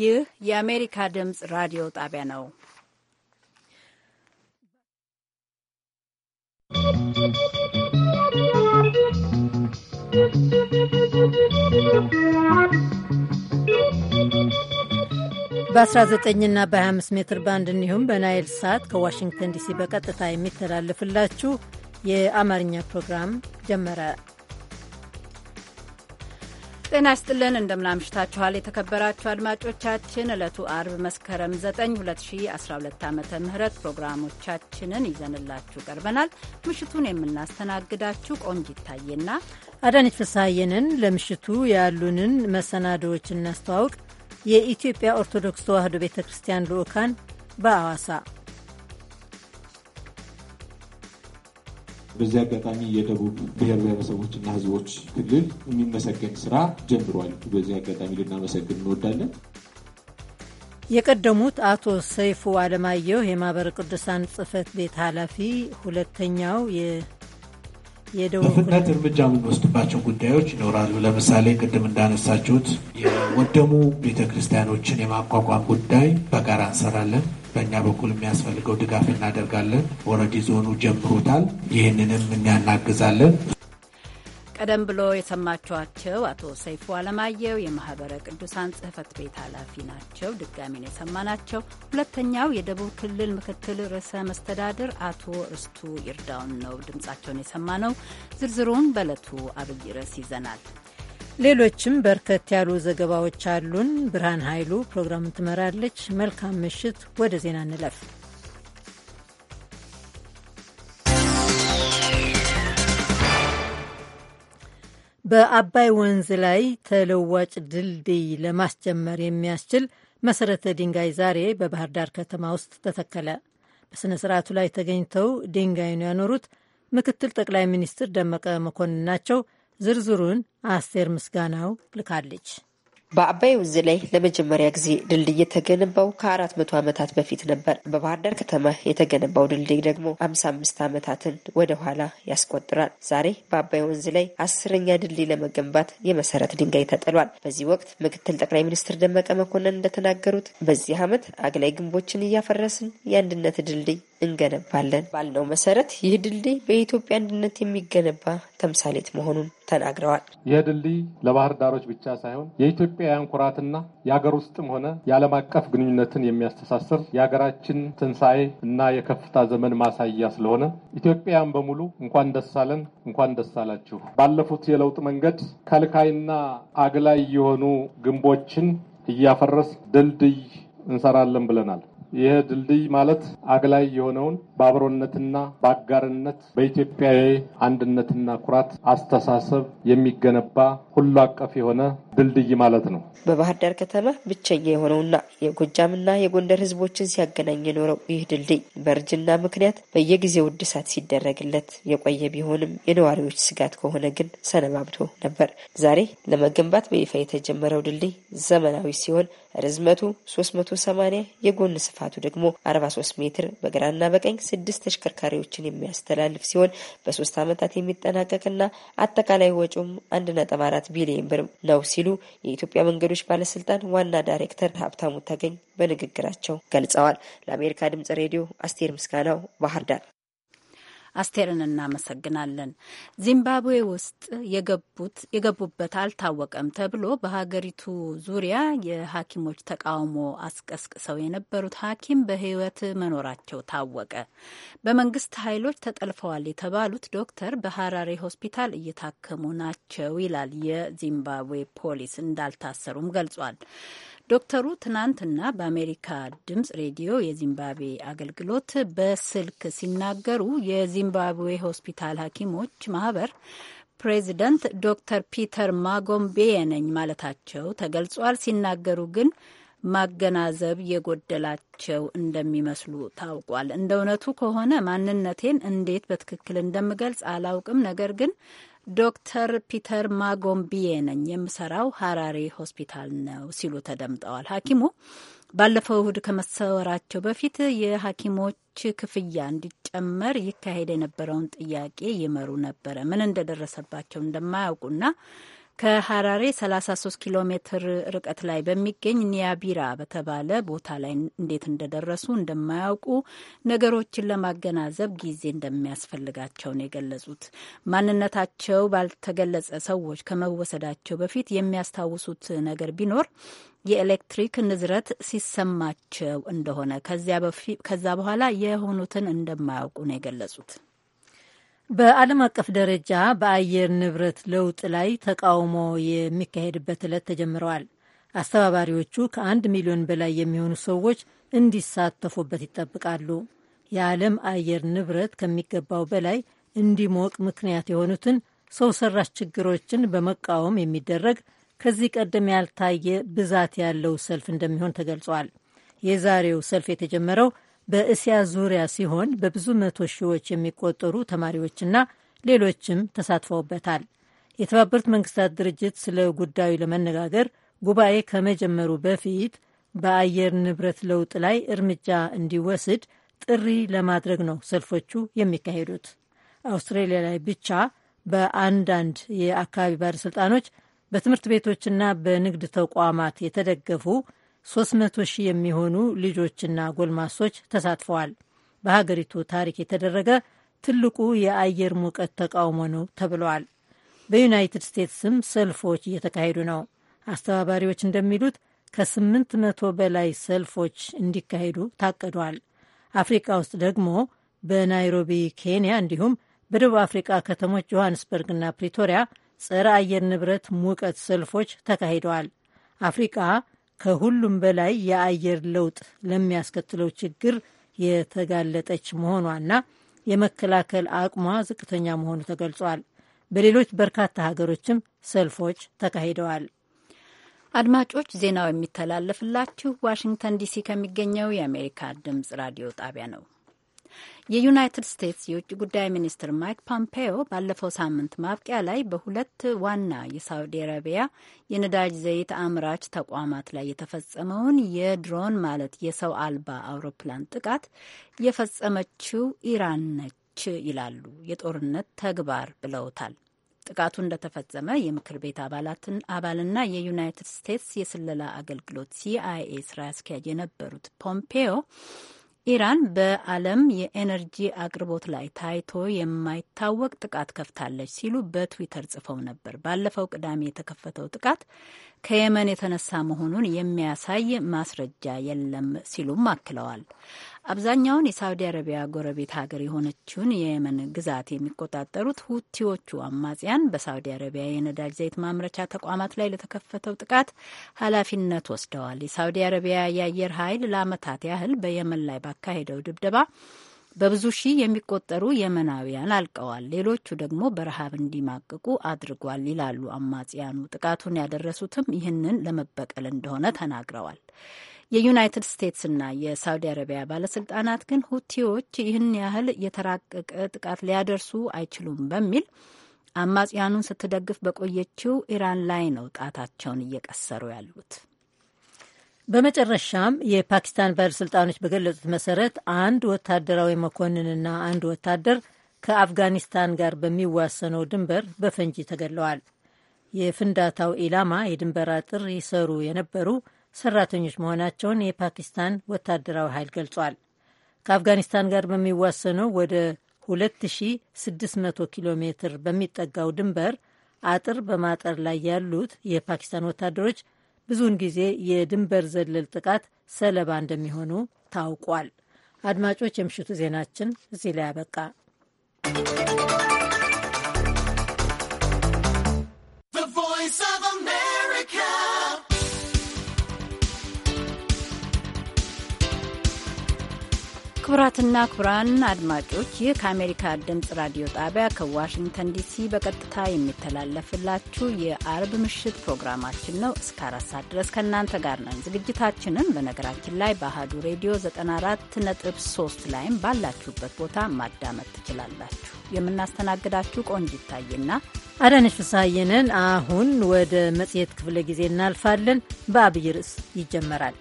ይህ የአሜሪካ ድምፅ ራዲዮ ጣቢያ ነው። በ19ና በ25 ሜትር ባንድ እንዲሁም በናይል ሳት ከዋሽንግተን ዲሲ በቀጥታ የሚተላለፍላችሁ የአማርኛ ፕሮግራም ጀመረ። ጤና ይስጥልን እንደምናምሽታችኋል የተከበራችሁ አድማጮቻችን ዕለቱ አርብ መስከረም 9 2012 ዓ ም ፕሮግራሞቻችንን ይዘንላችሁ ቀርበናል ምሽቱን የምናስተናግዳችሁ ቆንጅ ይታየና አዳነች ፍስሐየንን ለምሽቱ ያሉንን መሰናዶዎች እናስተዋውቅ የኢትዮጵያ ኦርቶዶክስ ተዋህዶ ቤተ ክርስቲያን ልዑካን በአዋሳ በዚህ አጋጣሚ የደቡብ ብሔር ብሔረሰቦችና ሕዝቦች ክልል የሚመሰገን ስራ ጀምሯል። በዚህ አጋጣሚ ልናመሰግን እንወዳለን። የቀደሙት አቶ ሰይፉ አለማየሁ የማህበረ ቅዱሳን ጽህፈት ቤት ኃላፊ፣ ሁለተኛው በፍጥነት እርምጃ የምንወስድባቸው ጉዳዮች ይኖራሉ። ለምሳሌ ቅድም እንዳነሳችሁት የወደሙ ቤተ ክርስቲያኖችን የማቋቋም ጉዳይ በጋራ እንሰራለን። በእኛ በኩል የሚያስፈልገው ድጋፍ እናደርጋለን። ወረዲ ዞኑ ጀምሮታል። ይህንንም እናያናግዛለን። ቀደም ብሎ የሰማችኋቸው አቶ ሰይፉ አለማየሁ የማህበረ ቅዱሳን ጽህፈት ቤት ኃላፊ ናቸው። ድጋሚን የሰማናቸው ሁለተኛው የደቡብ ክልል ምክትል ርዕሰ መስተዳድር አቶ ርስቱ ይርዳውን ነው ድምጻቸውን ነው። ዝርዝሩን በዕለቱ አብይ ርዕስ ይዘናል። ሌሎችም በርከት ያሉ ዘገባዎች አሉን። ብርሃን ኃይሉ ፕሮግራሙን ትመራለች። መልካም ምሽት። ወደ ዜና እንለፍ። በአባይ ወንዝ ላይ ተለዋጭ ድልድይ ለማስጀመር የሚያስችል መሰረተ ድንጋይ ዛሬ በባህር ዳር ከተማ ውስጥ ተተከለ። በሥነ ሥርዓቱ ላይ ተገኝተው ድንጋዩን ያኖሩት ምክትል ጠቅላይ ሚኒስትር ደመቀ መኮንን ናቸው። ዝርዝሩን አስቴር ምስጋናው ልካለች። በአባይ ወንዝ ላይ ለመጀመሪያ ጊዜ ድልድይ የተገነባው ከአራት መቶ ዓመታት በፊት ነበር። በባህር ዳር ከተማ የተገነባው ድልድይ ደግሞ አምሳ አምስት ዓመታትን ወደ ኋላ ያስቆጥራል። ዛሬ በአባይ ወንዝ ላይ አስረኛ ድልድይ ለመገንባት የመሰረት ድንጋይ ተጥሏል። በዚህ ወቅት ምክትል ጠቅላይ ሚኒስትር ደመቀ መኮንን እንደተናገሩት በዚህ ዓመት አግላይ ግንቦችን እያፈረስን የአንድነት ድልድይ እንገነባለን ባልነው መሰረት ይህ ድልድይ በኢትዮጵያ አንድነት የሚገነባ ተምሳሌት መሆኑን ተናግረዋል። ይህ ድልድይ ለባህር ዳሮች ብቻ ሳይሆን የኢትዮጵያውያን ኩራትና የሀገር ውስጥም ሆነ የዓለም አቀፍ ግንኙነትን የሚያስተሳስር የሀገራችን ትንሣኤ እና የከፍታ ዘመን ማሳያ ስለሆነ ኢትዮጵያውያን በሙሉ እንኳን ደስ አለን፣ እንኳን ደስ አላችሁ። ባለፉት የለውጥ መንገድ ከልካይና አግላይ የሆኑ ግንቦችን እያፈረስ ድልድይ እንሰራለን ብለናል። ይህ ድልድይ ማለት አግላይ የሆነውን በአብሮነትና በአጋርነት በኢትዮጵያዊ አንድነትና ኩራት አስተሳሰብ የሚገነባ ሁሉ አቀፍ የሆነ ድልድይ ማለት ነው። በባህር ዳር ከተማ ብቸኛ የሆነውና የጎጃምና የጎንደር ህዝቦችን ሲያገናኝ የኖረው ይህ ድልድይ በእርጅና ምክንያት በየጊዜው እድሳት ሲደረግለት የቆየ ቢሆንም የነዋሪዎች ስጋት ከሆነ ግን ሰነባብቶ ነበር። ዛሬ ለመገንባት በይፋ የተጀመረው ድልድይ ዘመናዊ ሲሆን ርዝመቱ 380 የጎን ስፋቱ ደግሞ 43 ሜትር በግራና በቀኝ ስድስት ተሽከርካሪዎችን የሚያስተላልፍ ሲሆን በሶስት ዓመታት የሚጠናቀቅና አጠቃላይ ወጪውም 1.4 ቢሊዮን ብር ነው ሲሉ ሲሉ የኢትዮጵያ መንገዶች ባለስልጣን ዋና ዳይሬክተር ሀብታሙ ተገኝ በንግግራቸው ገልጸዋል። ለአሜሪካ ድምጽ ሬዲዮ አስቴር ምስጋናው ባህር ዳር አስቴርን እናመሰግናለን። ዚምባብዌ ውስጥ የገቡት የገቡበት አልታወቀም ተብሎ በሀገሪቱ ዙሪያ የሐኪሞች ተቃውሞ አስቀስቅሰው የነበሩት ሐኪም በሕይወት መኖራቸው ታወቀ። በመንግስት ኃይሎች ተጠልፈዋል የተባሉት ዶክተር በሀራሪ ሆስፒታል እየታከሙ ናቸው ይላል የዚምባብዌ ፖሊስ። እንዳልታሰሩም ገልጿል። ዶክተሩ ትናንትና በአሜሪካ ድምፅ ሬዲዮ የዚምባብዌ አገልግሎት በስልክ ሲናገሩ የዚምባብዌ ሆስፒታል ሐኪሞች ማህበር ፕሬዚደንት ዶክተር ፒተር ማጎምቤ ነኝ ማለታቸው ተገልጿል። ሲናገሩ ግን ማገናዘብ የጎደላቸው እንደሚመስሉ ታውቋል። እንደ እውነቱ ከሆነ ማንነቴን እንዴት በትክክል እንደምገልጽ አላውቅም፣ ነገር ግን ዶክተር ፒተር ማጎምቢዬ ነኝ የምሰራው ሀራሬ ሆስፒታል ነው ሲሉ ተደምጠዋል። ሐኪሙ ባለፈው እሁድ ከመሰወራቸው በፊት የሐኪሞች ክፍያ እንዲጨመር ይካሄድ የነበረውን ጥያቄ ይመሩ ነበረ። ምን እንደደረሰባቸው እንደማያውቁና ከሐራሬ 33 ኪሎ ሜትር ርቀት ላይ በሚገኝ ኒያቢራ በተባለ ቦታ ላይ እንዴት እንደደረሱ እንደማያውቁ፣ ነገሮችን ለማገናዘብ ጊዜ እንደሚያስፈልጋቸው ነው የገለጹት። ማንነታቸው ባልተገለጸ ሰዎች ከመወሰዳቸው በፊት የሚያስታውሱት ነገር ቢኖር የኤሌክትሪክ ንዝረት ሲሰማቸው እንደሆነ ከዛ በኋላ የሆኑትን እንደማያውቁ ነው የገለጹት። በዓለም አቀፍ ደረጃ በአየር ንብረት ለውጥ ላይ ተቃውሞ የሚካሄድበት ዕለት ተጀምረዋል። አስተባባሪዎቹ ከአንድ ሚሊዮን በላይ የሚሆኑ ሰዎች እንዲሳተፉበት ይጠብቃሉ። የዓለም አየር ንብረት ከሚገባው በላይ እንዲሞቅ ምክንያት የሆኑትን ሰው ሰራሽ ችግሮችን በመቃወም የሚደረግ ከዚህ ቀደም ያልታየ ብዛት ያለው ሰልፍ እንደሚሆን ተገልጿል። የዛሬው ሰልፍ የተጀመረው በእስያ ዙሪያ ሲሆን በብዙ መቶ ሺዎች የሚቆጠሩ ተማሪዎችና ሌሎችም ተሳትፈውበታል። የተባበሩት መንግስታት ድርጅት ስለ ጉዳዩ ለመነጋገር ጉባኤ ከመጀመሩ በፊት በአየር ንብረት ለውጥ ላይ እርምጃ እንዲወስድ ጥሪ ለማድረግ ነው ሰልፎቹ የሚካሄዱት። አውስትሬሊያ ላይ ብቻ በአንዳንድ የአካባቢ ባለሥልጣኖች በትምህርት ቤቶችና በንግድ ተቋማት የተደገፉ 300 ሺህ የሚሆኑ ልጆችና ጎልማሶች ተሳትፈዋል። በሀገሪቱ ታሪክ የተደረገ ትልቁ የአየር ሙቀት ተቃውሞ ነው ተብለዋል። በዩናይትድ ስቴትስም ሰልፎች እየተካሄዱ ነው። አስተባባሪዎች እንደሚሉት ከ መቶ በላይ ሰልፎች እንዲካሄዱ ታቅዷል። አፍሪካ ውስጥ ደግሞ በናይሮቢ ኬንያ፣ እንዲሁም በደቡብ አፍሪካ ከተሞች ጆሐንስበርግና ፕሪቶሪያ ጸረ አየር ንብረት ሙቀት ሰልፎች ተካሂደዋል። አፍሪቃ ከሁሉም በላይ የአየር ለውጥ ለሚያስከትለው ችግር የተጋለጠች መሆኗና የመከላከል አቅሟ ዝቅተኛ መሆኑ ተገልጿል። በሌሎች በርካታ ሀገሮችም ሰልፎች ተካሂደዋል። አድማጮች፣ ዜናው የሚተላለፍላችሁ ዋሽንግተን ዲሲ ከሚገኘው የአሜሪካ ድምጽ ራዲዮ ጣቢያ ነው። የዩናይትድ ስቴትስ የውጭ ጉዳይ ሚኒስትር ማይክ ፖምፔዮ ባለፈው ሳምንት ማብቂያ ላይ በሁለት ዋና የሳውዲ አረቢያ የነዳጅ ዘይት አምራች ተቋማት ላይ የተፈጸመውን የድሮን ማለት የሰው አልባ አውሮፕላን ጥቃት የፈጸመችው ኢራን ነች ይላሉ። የጦርነት ተግባር ብለውታል። ጥቃቱ እንደተፈጸመ የምክር ቤት አባላትን አባልና የዩናይትድ ስቴትስ የስለላ አገልግሎት ሲአይኤ ስራ አስኪያጅ የነበሩት ፖምፔዮ ኢራን በዓለም የኤነርጂ አቅርቦት ላይ ታይቶ የማይታወቅ ጥቃት ከፍታለች ሲሉ በትዊተር ጽፈው ነበር። ባለፈው ቅዳሜ የተከፈተው ጥቃት ከየመን የተነሳ መሆኑን የሚያሳይ ማስረጃ የለም ሲሉም አክለዋል። አብዛኛውን የሳውዲ አረቢያ ጎረቤት ሀገር የሆነችውን የየመን ግዛት የሚቆጣጠሩት ሁቲዎቹ አማጽያን በሳውዲ አረቢያ የነዳጅ ዘይት ማምረቻ ተቋማት ላይ ለተከፈተው ጥቃት ኃላፊነት ወስደዋል። የሳውዲ አረቢያ የአየር ኃይል ለአመታት ያህል በየመን ላይ ባካሄደው ድብደባ በብዙ ሺህ የሚቆጠሩ የመናውያን አልቀዋል፣ ሌሎቹ ደግሞ በረሃብ እንዲማቅቁ አድርጓል ይላሉ አማጽያኑ። ጥቃቱን ያደረሱትም ይህንን ለመበቀል እንደሆነ ተናግረዋል። የዩናይትድ ስቴትስና የሳውዲ አረቢያ ባለስልጣናት ግን ሁቲዎች ይህን ያህል የተራቀቀ ጥቃት ሊያደርሱ አይችሉም በሚል አማጽያኑን ስትደግፍ በቆየችው ኢራን ላይ ነው ጣታቸውን እየቀሰሩ ያሉት። በመጨረሻም የፓኪስታን ባለሥልጣኖች በገለጹት መሰረት አንድ ወታደራዊ መኮንንና አንድ ወታደር ከአፍጋኒስታን ጋር በሚዋሰነው ድንበር በፈንጂ ተገድለዋል። የፍንዳታው ኢላማ የድንበር አጥር ይሰሩ የነበሩ ሰራተኞች መሆናቸውን የፓኪስታን ወታደራዊ ኃይል ገልጿል። ከአፍጋኒስታን ጋር በሚዋሰነው ወደ 2600 ኪሎ ሜትር በሚጠጋው ድንበር አጥር በማጠር ላይ ያሉት የፓኪስታን ወታደሮች ብዙውን ጊዜ የድንበር ዘለል ጥቃት ሰለባ እንደሚሆኑ ታውቋል። አድማጮች፣ የምሽቱ ዜናችን እዚህ ላይ you. ክቡራትና ክቡራን አድማጮች ይህ ከአሜሪካ ድምፅ ራዲዮ ጣቢያ ከዋሽንግተን ዲሲ በቀጥታ የሚተላለፍላችሁ የአርብ ምሽት ፕሮግራማችን ነው። እስከ አራት ሰዓት ድረስ ከእናንተ ጋር ነን። ዝግጅታችንን በነገራችን ላይ በአህዱ ሬዲዮ 94.3 ላይም ባላችሁበት ቦታ ማዳመጥ ትችላላችሁ። የምናስተናግዳችሁ ቆንጅ ይታየና አዳነሽ ፍስሐየንን። አሁን ወደ መጽሔት ክፍለ ጊዜ እናልፋለን። በአብይ ርዕስ ይጀመራል።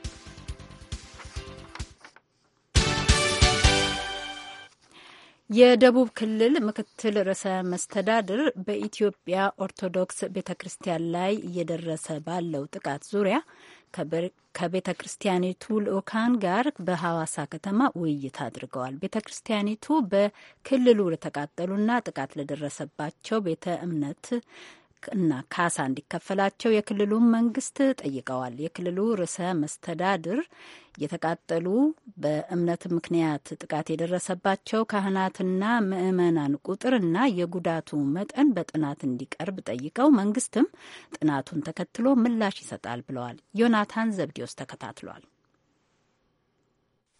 የደቡብ ክልል ምክትል ርዕሰ መስተዳድር በኢትዮጵያ ኦርቶዶክስ ቤተ ክርስቲያን ላይ እየደረሰ ባለው ጥቃት ዙሪያ ከቤተ ክርስቲያኒቱ ልኡካን ጋር በሐዋሳ ከተማ ውይይት አድርገዋል። ቤተ ክርስቲያኒቱ በክልሉ ለተቃጠሉና ጥቃት ለደረሰባቸው ቤተ እምነት እና ካሳ እንዲከፈላቸው የክልሉን መንግስት ጠይቀዋል። የክልሉ ርዕሰ መስተዳድር የተቃጠሉ በእምነት ምክንያት ጥቃት የደረሰባቸው ካህናትና ምዕመናን ቁጥርና የጉዳቱ መጠን በጥናት እንዲቀርብ ጠይቀው መንግስትም ጥናቱን ተከትሎ ምላሽ ይሰጣል ብለዋል። ዮናታን ዘብዲዮስ ተከታትሏል።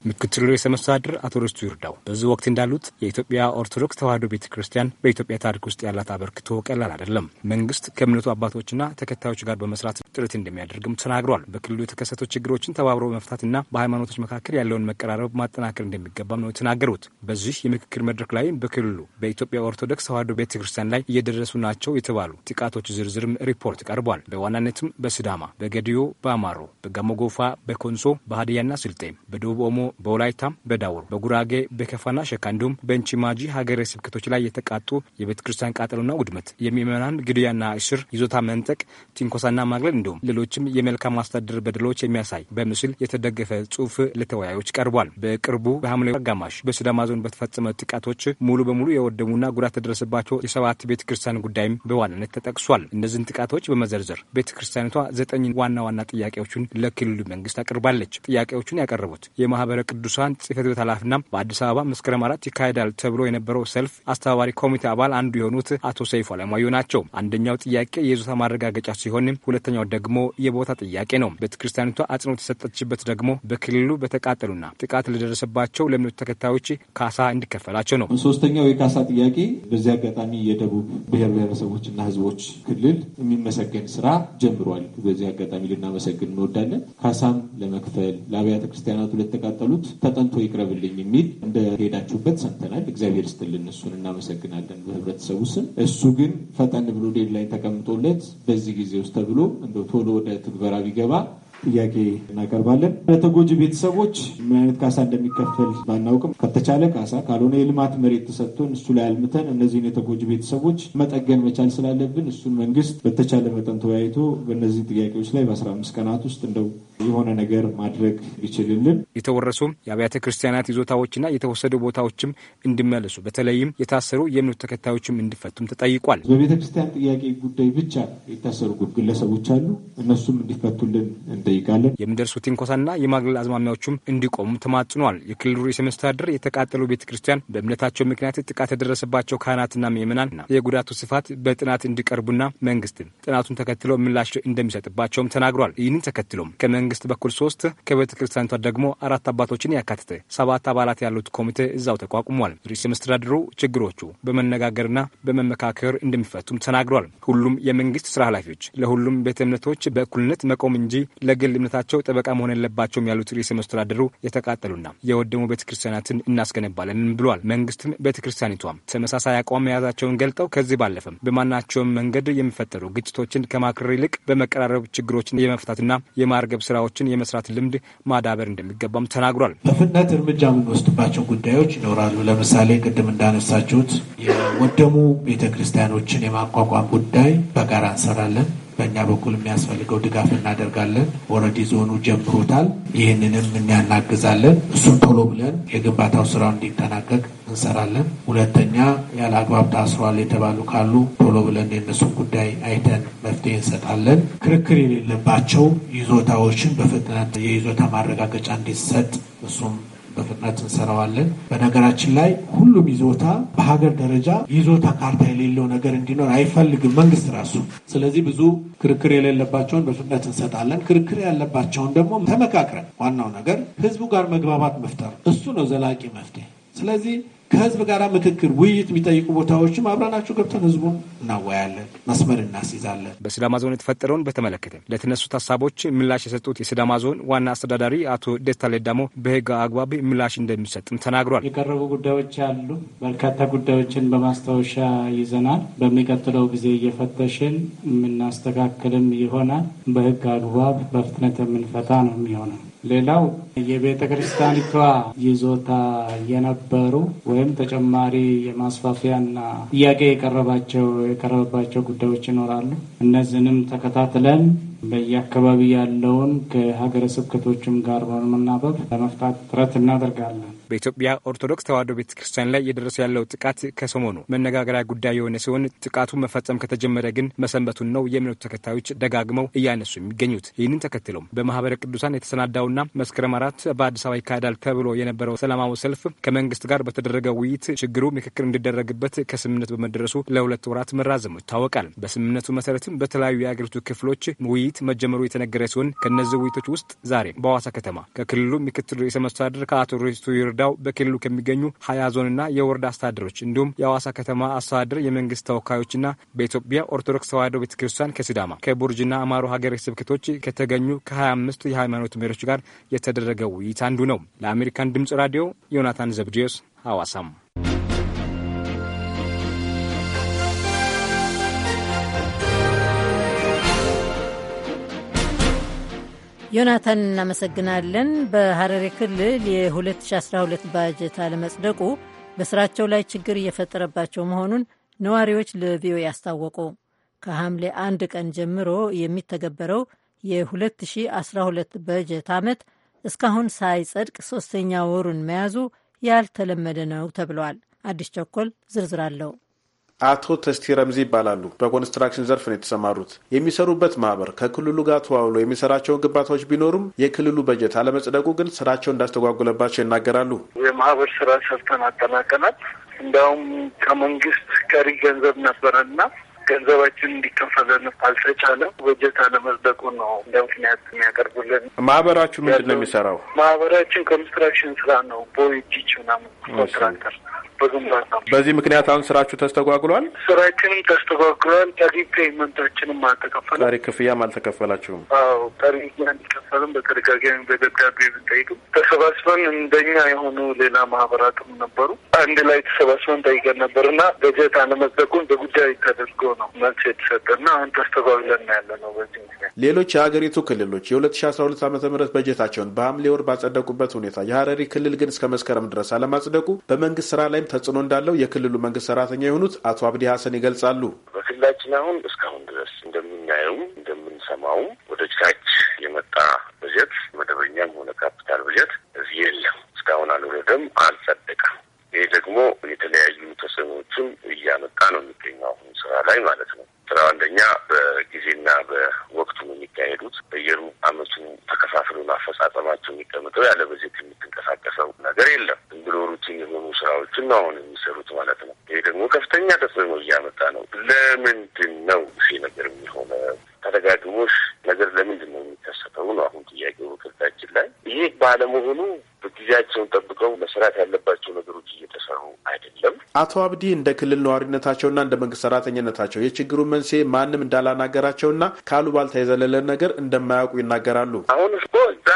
ምክትሉ ርዕሰ መስተዳድር አቶ ርስቱ ይርዳው በዚህ ወቅት እንዳሉት የኢትዮጵያ ኦርቶዶክስ ተዋሕዶ ቤተ ክርስቲያን በኢትዮጵያ ታሪክ ውስጥ ያላት አበርክቶ ቀላል አይደለም። መንግስት ከእምነቱ አባቶችና ተከታዮች ጋር በመስራት ጥረት እንደሚያደርግም ተናግሯል። በክልሉ የተከሰቱ ችግሮችን ተባብሮ መፍታትና በሃይማኖቶች መካከል ያለውን መቀራረብ ማጠናከር እንደሚገባም ነው የተናገሩት። በዚህ የምክክር መድረክ ላይ በክልሉ በኢትዮጵያ ኦርቶዶክስ ተዋሕዶ ቤተ ክርስቲያን ላይ እየደረሱ ናቸው የተባሉ ጥቃቶች ዝርዝርም ሪፖርት ቀርቧል። በዋናነትም በስዳማ፣ በገዲዮ፣ በአማሮ፣ በጋሞጎፋ፣ በኮንሶ፣ በሀዲያና ስልጤም፣ በደቡብ ኦሞ በወላይታም፣ በዳውሮ፣ በጉራጌ፣ በከፋና ሸካ እንዲሁም በንቺማጂ ሀገረ ስብከቶች ላይ የተቃጡ የቤተ ክርስቲያን ቃጠሎና ውድመት፣ የሚመናን ግድያና እስር፣ ይዞታ መንጠቅ፣ ትንኮሳና ማግለል እንዲሁም ሌሎችም የመልካም አስተዳደር በደሎች የሚያሳይ በምስል የተደገፈ ጽሁፍ ለተወያዮች ቀርቧል። በቅርቡ በሐምሌ አጋማሽ በሲዳማ ዞን በተፈጸመ ጥቃቶች ሙሉ በሙሉ የወደሙና ጉዳት የደረሰባቸው የሰባት ቤተ ክርስቲያን ጉዳይም በዋናነት ተጠቅሷል። እነዚህን ጥቃቶች በመዘርዘር ቤተ ክርስቲያኒቷ ዘጠኝ ዋና ዋና ጥያቄዎችን ለክልሉ መንግስት አቅርባለች። ጥያቄዎቹን ያቀረቡት የማህበረ ቅዱሳን ጽህፈት ቤት ኃላፊና በአዲስ አበባ መስከረም አራት ይካሄዳል ተብሎ የነበረው ሰልፍ አስተባባሪ ኮሚቴ አባል አንዱ የሆኑት አቶ ሰይፉ አለማዩ ናቸው። አንደኛው ጥያቄ የይዞታ ማረጋገጫ ሲሆን፣ ሁለተኛው ደግሞ የቦታ ጥያቄ ነው። ቤተ ክርስቲያኒቷ አጽንኦት የሰጠችበት ደግሞ በክልሉ በተቃጠሉና ጥቃት ለደረሰባቸው ለእምነቱ ተከታዮች ካሳ እንዲከፈላቸው ነው። ሶስተኛው የካሳ ጥያቄ በዚህ አጋጣሚ የደቡብ ብሔር ብሔረሰቦችና ህዝቦች ክልል የሚመሰገን ስራ ጀምሯል። በዚህ አጋጣሚ ልናመሰግን እንወዳለን። ካሳም ለመክፈል ለአብያተ ክርስቲያናቱ ለተቃጠሉ የተፈናቀሉት ተጠንቶ ይቅረብልኝ የሚል እንደሄዳችሁበት ሰምተናል። እግዚአብሔር ስትልን እሱን እናመሰግናለን በህብረተሰቡ ስም። እሱ ግን ፈጠን ብሎ ዴድላይን ተቀምጦለት በዚህ ጊዜ ውስጥ ተብሎ እንደ ቶሎ ወደ ትግበራ ቢገባ ጥያቄ እናቀርባለን። ለተጎጂ ቤተሰቦች ምን አይነት ካሳ እንደሚከፈል ባናውቅም ከተቻለ ካሳ ካልሆነ የልማት መሬት ተሰጥቶን እሱ ላይ አልምተን እነዚህን የተጎጂ ቤተሰቦች መጠገን መቻል ስላለብን እሱን መንግስት በተቻለ መጠን ተወያይቶ በእነዚህ ጥያቄዎች ላይ በአስራ አምስት ቀናት ውስጥ እንደው የሆነ ነገር ማድረግ ይችልልን። የተወረሱ የአብያተ ክርስቲያናት ይዞታዎችና የተወሰዱ ቦታዎችም እንዲመለሱ በተለይም የታሰሩ የእምነቱ ተከታዮችም እንዲፈቱም ተጠይቋል። በቤተ ክርስቲያን ጥያቄ ጉዳይ ብቻ የታሰሩ ግለሰቦች አሉ። እነሱም እንዲፈቱልን እንጠይቃለን። የሚደርሱ ትንኮሳና የማግለል አዝማሚያዎቹም እንዲቆሙ ተማጽኗል። የክልሉ ርዕሰ መስተዳድር የተቃጠሉ ቤተ ክርስቲያን በእምነታቸው ምክንያት ጥቃት የደረሰባቸው ካህናትና ምእመናን የጉዳቱ ስፋት በጥናት እንዲቀርቡና መንግስትም ጥናቱን ተከትሎ ምላሽ እንደሚሰጥባቸውም ተናግሯል። ይህንን ተከትሎም በመንግስት በኩል ሶስት ከቤተ ክርስቲያኒቷ ደግሞ አራት አባቶችን ያካተተ ሰባት አባላት ያሉት ኮሚቴ እዛው ተቋቁሟል። ርዕሰ መስተዳድሩ ችግሮቹ በመነጋገርና በመመካከር እንደሚፈቱም ተናግሯል። ሁሉም የመንግስት ስራ ኃላፊዎች ለሁሉም ቤተ እምነቶች በእኩልነት መቆም እንጂ ለግል እምነታቸው ጠበቃ መሆን የለባቸውም ያሉት ርዕሰ መስተዳድሩ የተቃጠሉና የወደሙ ቤተ ክርስቲያናትን እናስገነባለን ብሏል። መንግስትም ቤተ ክርስቲያኒቷም ተመሳሳይ አቋም መያዛቸውን ገልጠው ከዚህ ባለፈም በማናቸውም መንገድ የሚፈጠሩ ግጭቶችን ከማክረር ይልቅ በመቀራረብ ችግሮችን የመፍታትና የማርገብ ስራ ስራዎችን የመስራት ልምድ ማዳበር እንደሚገባም ተናግሯል። በፍጥነት እርምጃ የምንወስድባቸው ጉዳዮች ይኖራሉ። ለምሳሌ ቅድም እንዳነሳችሁት የወደሙ ቤተ ክርስቲያኖችን የማቋቋም ጉዳይ በጋራ እንሰራለን። በእኛ በኩል የሚያስፈልገው ድጋፍ እናደርጋለን። ኦልሬዲ ዞኑ ጀምሮታል። ይህንንም እናያናግዛለን። እሱን ቶሎ ብለን የግንባታው ስራው እንዲጠናቀቅ እንሰራለን። ሁለተኛ ያለ አግባብ ታስሯል የተባሉ ካሉ ቶሎ ብለን የነሱን ጉዳይ አይተን መፍትሄ እንሰጣለን። ክርክር የሌለባቸው ይዞታዎችን በፍጥነት የይዞታ ማረጋገጫ እንዲሰጥ እሱም በፍጥነት እንሰራዋለን። በነገራችን ላይ ሁሉም ይዞታ በሀገር ደረጃ ይዞታ ካርታ የሌለው ነገር እንዲኖር አይፈልግም መንግስት ራሱ። ስለዚህ ብዙ ክርክር የሌለባቸውን በፍጥነት እንሰጣለን። ክርክር ያለባቸውን ደግሞ ተመካክረን፣ ዋናው ነገር ህዝቡ ጋር መግባባት መፍጠር፣ እሱ ነው ዘላቂ መፍትሄ። ስለዚህ ከህዝብ ጋር ምክክር፣ ውይይት የሚጠይቁ ቦታዎችም አብረናቸው ገብተን ህዝቡን እናወያለን፣ መስመር እናስይዛለን። በሲዳማ ዞን የተፈጠረውን በተመለከተ ለተነሱት ሀሳቦች ምላሽ የሰጡት የሲዳማ ዞን ዋና አስተዳዳሪ አቶ ደስታ ሌዳሞ በህግ አግባብ ምላሽ እንደሚሰጥም ተናግሯል። የቀረቡ ጉዳዮች አሉ። በርካታ ጉዳዮችን በማስታወሻ ይዘናል። በሚቀጥለው ጊዜ እየፈተሽን የምናስተካክልም ይሆናል። በህግ አግባብ በፍጥነት የምንፈታ ነው የሚሆነው። ሌላው የቤተ ክርስቲያኒቷ ይዞታ የነበሩ ወይም ተጨማሪ የማስፋፊያና ጥያቄ የቀረባቸው የቀረበባቸው ጉዳዮች ይኖራሉ። እነዚህንም ተከታትለን በየአካባቢ ያለውን ከሀገረ ስብከቶችም ጋር በመናበብ ለመፍታት ጥረት እናደርጋለን። በኢትዮጵያ ኦርቶዶክስ ተዋዶ ቤተ ክርስቲያን ላይ እየደረሰ ያለው ጥቃት ከሰሞኑ መነጋገሪያ ጉዳይ የሆነ ሲሆን ጥቃቱ መፈጸም ከተጀመረ ግን መሰንበቱን ነው የእምነቱ ተከታዮች ደጋግመው እያነሱ የሚገኙት። ይህንን ተከትሎም በማህበረ ቅዱሳን የተሰናዳውና መስከረም አራት በአዲስ አበባ ይካሄዳል ተብሎ የነበረው ሰላማዊ ሰልፍ ከመንግስት ጋር በተደረገ ውይይት ችግሩ ምክክር እንዲደረግበት ከስምምነት በመደረሱ ለሁለት ወራት መራዘሙ ይታወቃል። በስምምነቱ መሰረትም በተለያዩ የአገሪቱ ክፍሎች ውይይት መጀመሩ የተነገረ ሲሆን ከእነዚህ ውይይቶች ውስጥ ዛሬ በሐዋሳ ከተማ ከክልሉ ምክትል ርዕሰ መስተዳድር ከአቶ ሪስቱ ወረዳው በክልሉ ከሚገኙ ሀያ ዞንና የወረዳ አስተዳደሮች እንዲሁም የአዋሳ ከተማ አስተዳደር የመንግስት ተወካዮችና በኢትዮጵያ ኦርቶዶክስ ተዋሕዶ ቤተ ክርስቲያን ከሲዳማ ከቡርጅና አማሮ ሀገረ ስብከቶች ከተገኙ ከ25 የሃይማኖት መሪዎች ጋር የተደረገ ውይይት አንዱ ነው። ለአሜሪካን ድምጽ ራዲዮ ዮናታን ዘብዲዮስ ሐዋሳም ዮናታን እናመሰግናለን። በሐረሪ ክልል የ2012 ባጀት አለመጽደቁ በስራቸው ላይ ችግር እየፈጠረባቸው መሆኑን ነዋሪዎች ለቪኦኤ አስታወቁ። ከሐምሌ አንድ ቀን ጀምሮ የሚተገበረው የ2012 በጀት ዓመት እስካሁን ሳይጸድቅ ሶስተኛ ወሩን መያዙ ያልተለመደ ነው ተብሏል። አዲስ ቸኮል ዝርዝር አለው። አቶ ተስቲ ረምዚ ይባላሉ። በኮንስትራክሽን ዘርፍ ነው የተሰማሩት። የሚሰሩበት ማህበር ከክልሉ ጋር ተዋውሎ የሚሰራቸውን ግንባታዎች ቢኖሩም የክልሉ በጀት አለመጽደቁ ግን ስራቸው እንዳስተጓጉለባቸው ይናገራሉ። የማህበር ስራ ሰርተን አጠናቀናል። እንዲያውም ከመንግስት ቀሪ ገንዘብ ነበረና ገንዘባችን እንዲከፈለን አልተቻለ። በጀት አለመጽደቁ ነው እንደ ምክንያት የሚያቀርቡልን። ማህበራችሁ ምንድን ነው የሚሰራው? ማህበራችን ኮንስትራክሽን ስራ ነው። ቦይ ጂች ምናምን ኮንትራክተር በግንባታ በዚህ ምክንያት አሁን ስራችሁ ተስተጓጉሏል። ስራችንም ተስተጓጉሏል። ቀሪ ፔመንታችንም አልተከፈለ ዛሬ ክፍያም አልተከፈላችሁም? አዎ ቀሪ አንዲከፈልም በተደጋጋሚ በደብዳቤ ብንጠይቅም ተሰባስበን እንደኛ የሆኑ ሌላ ማህበራትም ነበሩ አንድ ላይ ተሰባስበን ጠይቀን ነበር እና በጀት አለመጠቁን በጉዳይ ተደርጎ ነው መልስ የተሰጠና አሁን ተስተጓጉለን ያለ ነው። በዚህ ምክንያት ሌሎች የሀገሪቱ ክልሎች የሁለት ሺ አስራ ሁለት ዓመተ ምህረት በጀታቸውን በሐምሌ ወር ባጸደቁበት ሁኔታ የሀረሪ ክልል ግን እስከ መስከረም ድረስ አለማጽደቁ በመንግስት ስራ ላይ ላይም ተጽዕኖ እንዳለው የክልሉ መንግስት ሰራተኛ የሆኑት አቶ አብዲ ሀሰን ይገልጻሉ። በክልላችን አሁን እስካሁን ድረስ እንደምናየው እንደምንሰማውም ወደ ጅታች የመጣ በጀት መደበኛም ሆነ ካፒታል በጀት እዚህ የለም፣ እስካሁን አልወረደም፣ አልጸደቀም። ይህ ደግሞ የተለያዩ ተጽዕኖዎችን እያመጣ ነው የሚገኘው አሁን ስራ ላይ ማለት ነው። ስራ አንደኛ በጊዜና በወቅቱ ነው የሚካሄዱት። በየሩ አመቱ አሻሽሉን አፈጻጸማቸው የሚቀምጠው ያለ በጀት የምትንቀሳቀሰው ነገር የለም። ዝም ብሎ ሩቲን የሆኑ ስራዎችን ነው አሁን የሚሰሩት ማለት ነው። ይሄ ደግሞ ከፍተኛ ተጽዕኖ እያመጣ ነው። ለምንድን ነው ይሄ ነገር የሚሆነው? ተደጋግሞሽ ነገር ለምንድን ነው የሚከሰተው ነው አሁን ጥያቄው ምክርታችን ላይ ይህ ባለመሆኑ ጊዜያቸውን ጠብቀው መስራት ያለባቸው ነገሮች እየተሰሩ አይደለም። አቶ አብዲ እንደ ክልል ነዋሪነታቸውና እንደ መንግስት ሰራተኝነታቸው የችግሩን መንስኤ ማንም እንዳላናገራቸውና ከአሉባልታ የዘለለ ነገር እንደማያውቁ ይናገራሉ። አሁን እኮ እዛ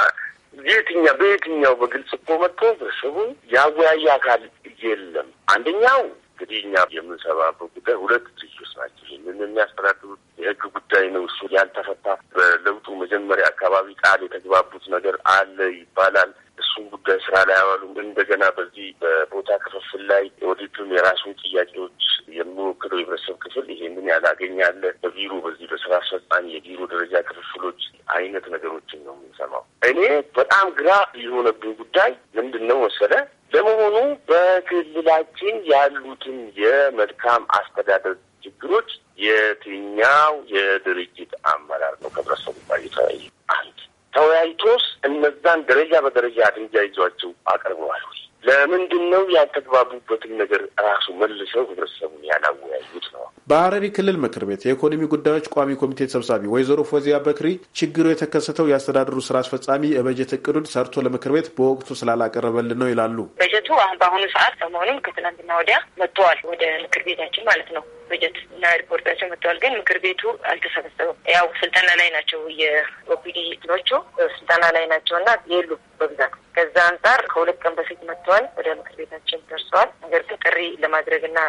የትኛው በየትኛው በግልጽ እኮ መጥቶ ህብረተሰቡ ያወያየ አካል የለም። አንደኛው እንግዲህ እኛ የምንሰባበት ጉዳይ ሁለት ልጆች ናቸው ይህንን የሚያስተዳድሩት የህግ ጉዳይ ነው እሱ ያልተፈታ። በለውጡ መጀመሪያ አካባቢ ቃል የተግባቡት ነገር አለ ይባላል። እሱን ጉዳይ ስራ ላይ አዋሉም። እንደገና በዚህ በቦታ ክፍፍል ላይ ወዲቱም የራሱን ጥያቄዎች የሚወክለው የህብረተሰብ ክፍል ይሄንን ያላገኛለ በቢሮ በዚህ በስራ አስፈጻሚ የቢሮ ደረጃ ክፍፍሎች አይነት ነገሮችን ነው የምንሰማው። እኔ በጣም ግራ የሆነብኝ ጉዳይ ምንድን ነው መሰለ ለመሆኑ በክልላችን ያሉትን የመልካም አስተዳደር ችግሮች የትኛው የድርጅት አመራር ነው ከህብረተሰቡ ጋር የተወያየ? አንድ ተወያይቶስ እነዛን ደረጃ በደረጃ አድንጃ ይዟቸው አቅርበዋል ወይ? ለምንድን ነው ያልተግባቡበትን ነገር ራሱ መልሰው ህብረተሰቡን ያላወያዩት ነው? በሐረሪ ክልል ምክር ቤት የኢኮኖሚ ጉዳዮች ቋሚ ኮሚቴ ሰብሳቢ ወይዘሮ ፎዚያ በክሪ ችግሩ የተከሰተው የአስተዳደሩ ስራ አስፈጻሚ የበጀት እቅዱን ሰርቶ ለምክር ቤት በወቅቱ ስላላቀረበልን ነው ይላሉ። በጀቱ አሁን በአሁኑ ሰዓት ሰሞኑን ከትናንትና ወዲያ መጥተዋል ወደ ምክር ቤታችን ማለት ነው። በጀት እና ሪፖርታቸው መጥተዋል፣ ግን ምክር ቤቱ አልተሰበሰበም። ያው ስልጠና ላይ ናቸው፣ የኦፒዲ ኖቹ ስልጠና ላይ ናቸው እና የሉ በብዛት ከዛ አንጻር ከሁለት ቀን በፊት መጥተዋል፣ ወደ ምክር ቤታችን ደርሰዋል። ነገር ግን ጥሪ ለማድረግ እና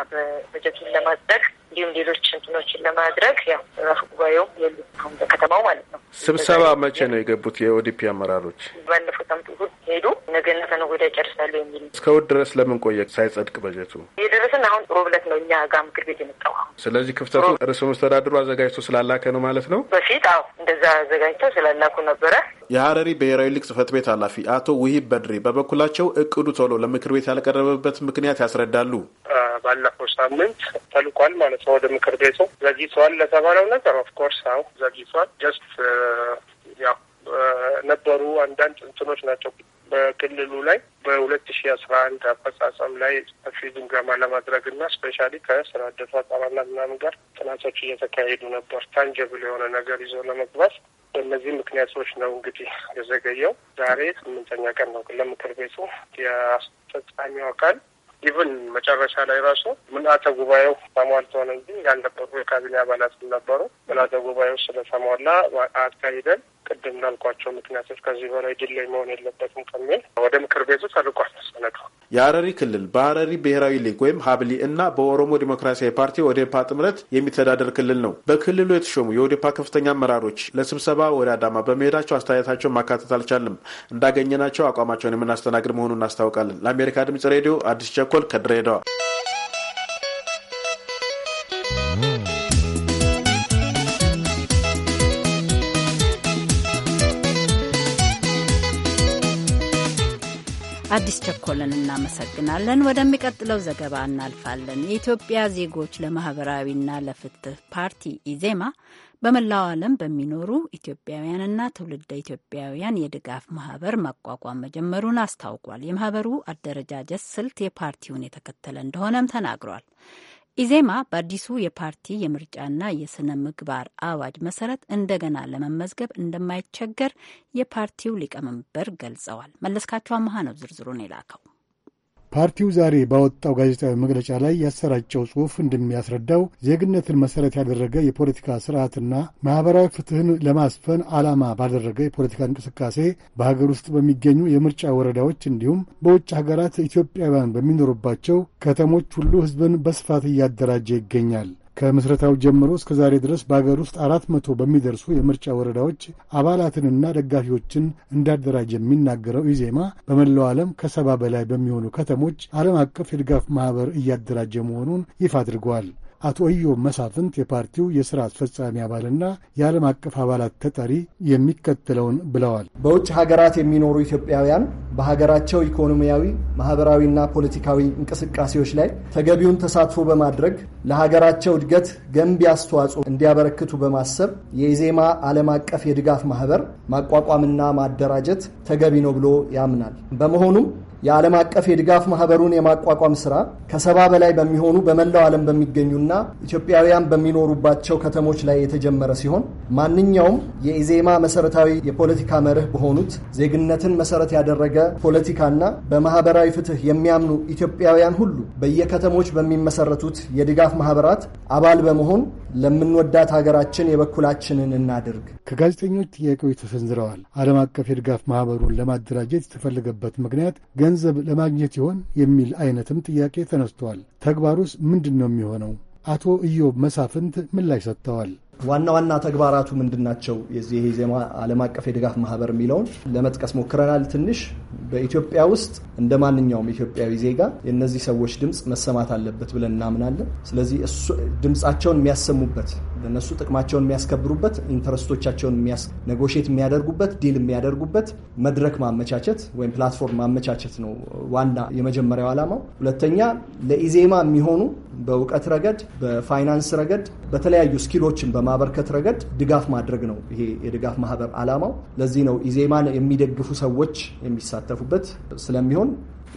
በጀቱን ለማጽደቅ እንዲሁም ሌሎች እንትኖችን ለማድረግ ያው ጉባኤው የሉም በከተማው ማለት ነው። ስብሰባ መቼ ነው የገቡት? የኦዲፒ አመራሮች ባለፈው ሳምንት እሑድ ሄዱ። ነገና ከነገ ወዲያ ጨርሳሉ የሚል እስከ እሑድ ድረስ ለምን ቆየ? ሳይጸድቅ በጀቱ የደረስን አሁን ሮብለት ነው እኛ ጋር ምክር ቤት የመጣው አሁን። ስለዚህ ክፍተቱ ርዕሰ መስተዳድሩ አዘጋጅቶ ስላላከ ነው ማለት ነው። በፊት አዎ እንደዛ አዘጋጅተው ስላላኩ ነበረ። የሀረሪ ብሔራዊ ሊግ ጽህፈት ቤት ኃላፊ አቶ ውሂብ በድሬ በበኩላቸው እቅዱ ቶሎ ለምክር ቤት ያልቀረበበት ምክንያት ያስረዳሉ። ባለፈው ሳምንት ተልኳል ማለት ገለጸ ወደ ምክር ቤቱ። ዘግይቷል ለተባለው ነገር ኦፍኮርስ አሁ ዘግይቷል። ጀስት ያው uh, ነበሩ አንዳንድ እንትኖች ናቸው በክልሉ ላይ በሁለት ሺ አስራ አንድ አፈጻጸም ላይ ሰፊ ግምገማ ለማድረግ እና ስፔሻሊ ከስራ አደቱ አጠራና ምናምን ጋር ጥናቶች እየተካሄዱ ነበር። ታንጀብል የሆነ ነገር ይዞ ለመግባት በእነዚህ ምክንያቶች ነው እንግዲህ የዘገየው። ዛሬ ስምንተኛ ቀን ነው ለምክር ቤቱ የአስፈጻሚው አካል ኢቨን መጨረሻ ላይ ራሱ ምልአተ ጉባኤው ተሟልቶ ነው እንጂ ያልነበሩ የካቢኔ አባላት ነበሩ። ምልአተ ጉባኤው ስለተሟላ አካሂደን ቅድም ላልኳቸው ምክንያቶች ከዚህ በላይ ድለይ መሆን የለበትም ከሚል ወደ ምክር ቤቱ ተልቋል። የሀረሪ ክልል በሀረሪ ብሔራዊ ሊግ ወይም ሀብሊ እና በኦሮሞ ዴሞክራሲያዊ ፓርቲ ኦዴፓ ጥምረት የሚተዳደር ክልል ነው። በክልሉ የተሾሙ የኦዴፓ ከፍተኛ አመራሮች ለስብሰባ ወደ አዳማ በመሄዳቸው አስተያየታቸውን ማካተት አልቻልም። እንዳገኘናቸው አቋማቸውን የምናስተናግድ መሆኑን እናስታውቃለን። ለአሜሪካ ድምጽ ሬዲዮ አዲስ ቸኮል ከድሬዳዋ አዲስ ቸኮልን እናመሰግናለን። ወደሚቀጥለው ዘገባ እናልፋለን። የኢትዮጵያ ዜጎች ለማህበራዊና ለፍትህ ፓርቲ ኢዜማ በመላው ዓለም በሚኖሩ ኢትዮጵያውያንና ትውልደ ኢትዮጵያውያን የድጋፍ ማህበር ማቋቋም መጀመሩን አስታውቋል። የማህበሩ አደረጃጀት ስልት የፓርቲውን የተከተለ እንደሆነም ተናግሯል። ኢዜማ በአዲሱ የፓርቲ የምርጫና የስነ ምግባር አዋጅ መሰረት እንደገና ለመመዝገብ እንደማይቸገር የፓርቲው ሊቀመንበር ገልጸዋል። መለስካቸው አመሃ ነው ዝርዝሩን የላከው። ፓርቲው ዛሬ ባወጣው ጋዜጣዊ መግለጫ ላይ ያሰራጨው ጽሑፍ እንደሚያስረዳው ዜግነትን መሠረት ያደረገ የፖለቲካ ስርዓትና ማኅበራዊ ፍትህን ለማስፈን ዓላማ ባደረገ የፖለቲካ እንቅስቃሴ በሀገር ውስጥ በሚገኙ የምርጫ ወረዳዎች እንዲሁም በውጭ ሀገራት ኢትዮጵያውያን በሚኖሩባቸው ከተሞች ሁሉ ሕዝብን በስፋት እያደራጀ ይገኛል። ከምስረታው ጀምሮ እስከ ዛሬ ድረስ በአገር ውስጥ አራት መቶ በሚደርሱ የምርጫ ወረዳዎች አባላትንና ደጋፊዎችን እንዳደራጀ የሚናገረው ኢዜማ በመላው ዓለም ከሰባ በላይ በሚሆኑ ከተሞች ዓለም አቀፍ የድጋፍ ማኅበር እያደራጀ መሆኑን ይፋ አድርገዋል። አቶ እዮብ መሳፍንት የፓርቲው የስራ አስፈጻሚ አባልና የዓለም አቀፍ አባላት ተጠሪ የሚከተለውን ብለዋል። በውጭ ሀገራት የሚኖሩ ኢትዮጵያውያን በሀገራቸው ኢኮኖሚያዊ፣ ማህበራዊና ፖለቲካዊ እንቅስቃሴዎች ላይ ተገቢውን ተሳትፎ በማድረግ ለሀገራቸው እድገት ገንቢ አስተዋጽኦ እንዲያበረክቱ በማሰብ የኢዜማ ዓለም አቀፍ የድጋፍ ማህበር ማቋቋምና ማደራጀት ተገቢ ነው ብሎ ያምናል። በመሆኑም የዓለም አቀፍ የድጋፍ ማህበሩን የማቋቋም ስራ ከሰባ በላይ በሚሆኑ በመላው ዓለም በሚገኙና ኢትዮጵያውያን በሚኖሩባቸው ከተሞች ላይ የተጀመረ ሲሆን ማንኛውም የኢዜማ መሰረታዊ የፖለቲካ መርህ በሆኑት ዜግነትን መሰረት ያደረገ ፖለቲካና በማህበራዊ ፍትህ የሚያምኑ ኢትዮጵያውያን ሁሉ በየከተሞች በሚመሰረቱት የድጋፍ ማህበራት አባል በመሆን ለምንወዳት ሀገራችን የበኩላችንን እናድርግ። ከጋዜጠኞች ጥያቄዎች ተሰንዝረዋል። ዓለም አቀፍ የድጋፍ ማህበሩን ለማደራጀት የተፈለገበት ምክንያት ገንዘብ ለማግኘት ይሆን የሚል አይነትም ጥያቄ ተነስቷል። ተግባሩስ ምንድን ነው የሚሆነው? አቶ ኢዮብ መሳፍንት ምላሽ ሰጥተዋል። ዋና ዋና ተግባራቱ ምንድን ናቸው? የዚህ ዜማ ዓለም አቀፍ የድጋፍ ማህበር የሚለውን ለመጥቀስ ሞክረናል። ትንሽ በኢትዮጵያ ውስጥ እንደ ማንኛውም ኢትዮጵያዊ ዜጋ የእነዚህ ሰዎች ድምፅ መሰማት አለበት ብለን እናምናለን። ስለዚህ ድምፃቸውን የሚያሰሙበት እነሱ ጥቅማቸውን የሚያስከብሩበት ኢንተረስቶቻቸውን ኔጎሽት የሚያደርጉበት ዲል የሚያደርጉበት መድረክ ማመቻቸት ወይም ፕላትፎርም ማመቻቸት ነው ዋና የመጀመሪያው ዓላማው። ሁለተኛ ለኢዜማ የሚሆኑ በእውቀት ረገድ፣ በፋይናንስ ረገድ፣ በተለያዩ ስኪሎችን በማበርከት ረገድ ድጋፍ ማድረግ ነው። ይሄ የድጋፍ ማህበር ዓላማው ለዚህ ነው ኢዜማን የሚደግፉ ሰዎች የሚሳተፉበት ስለሚሆን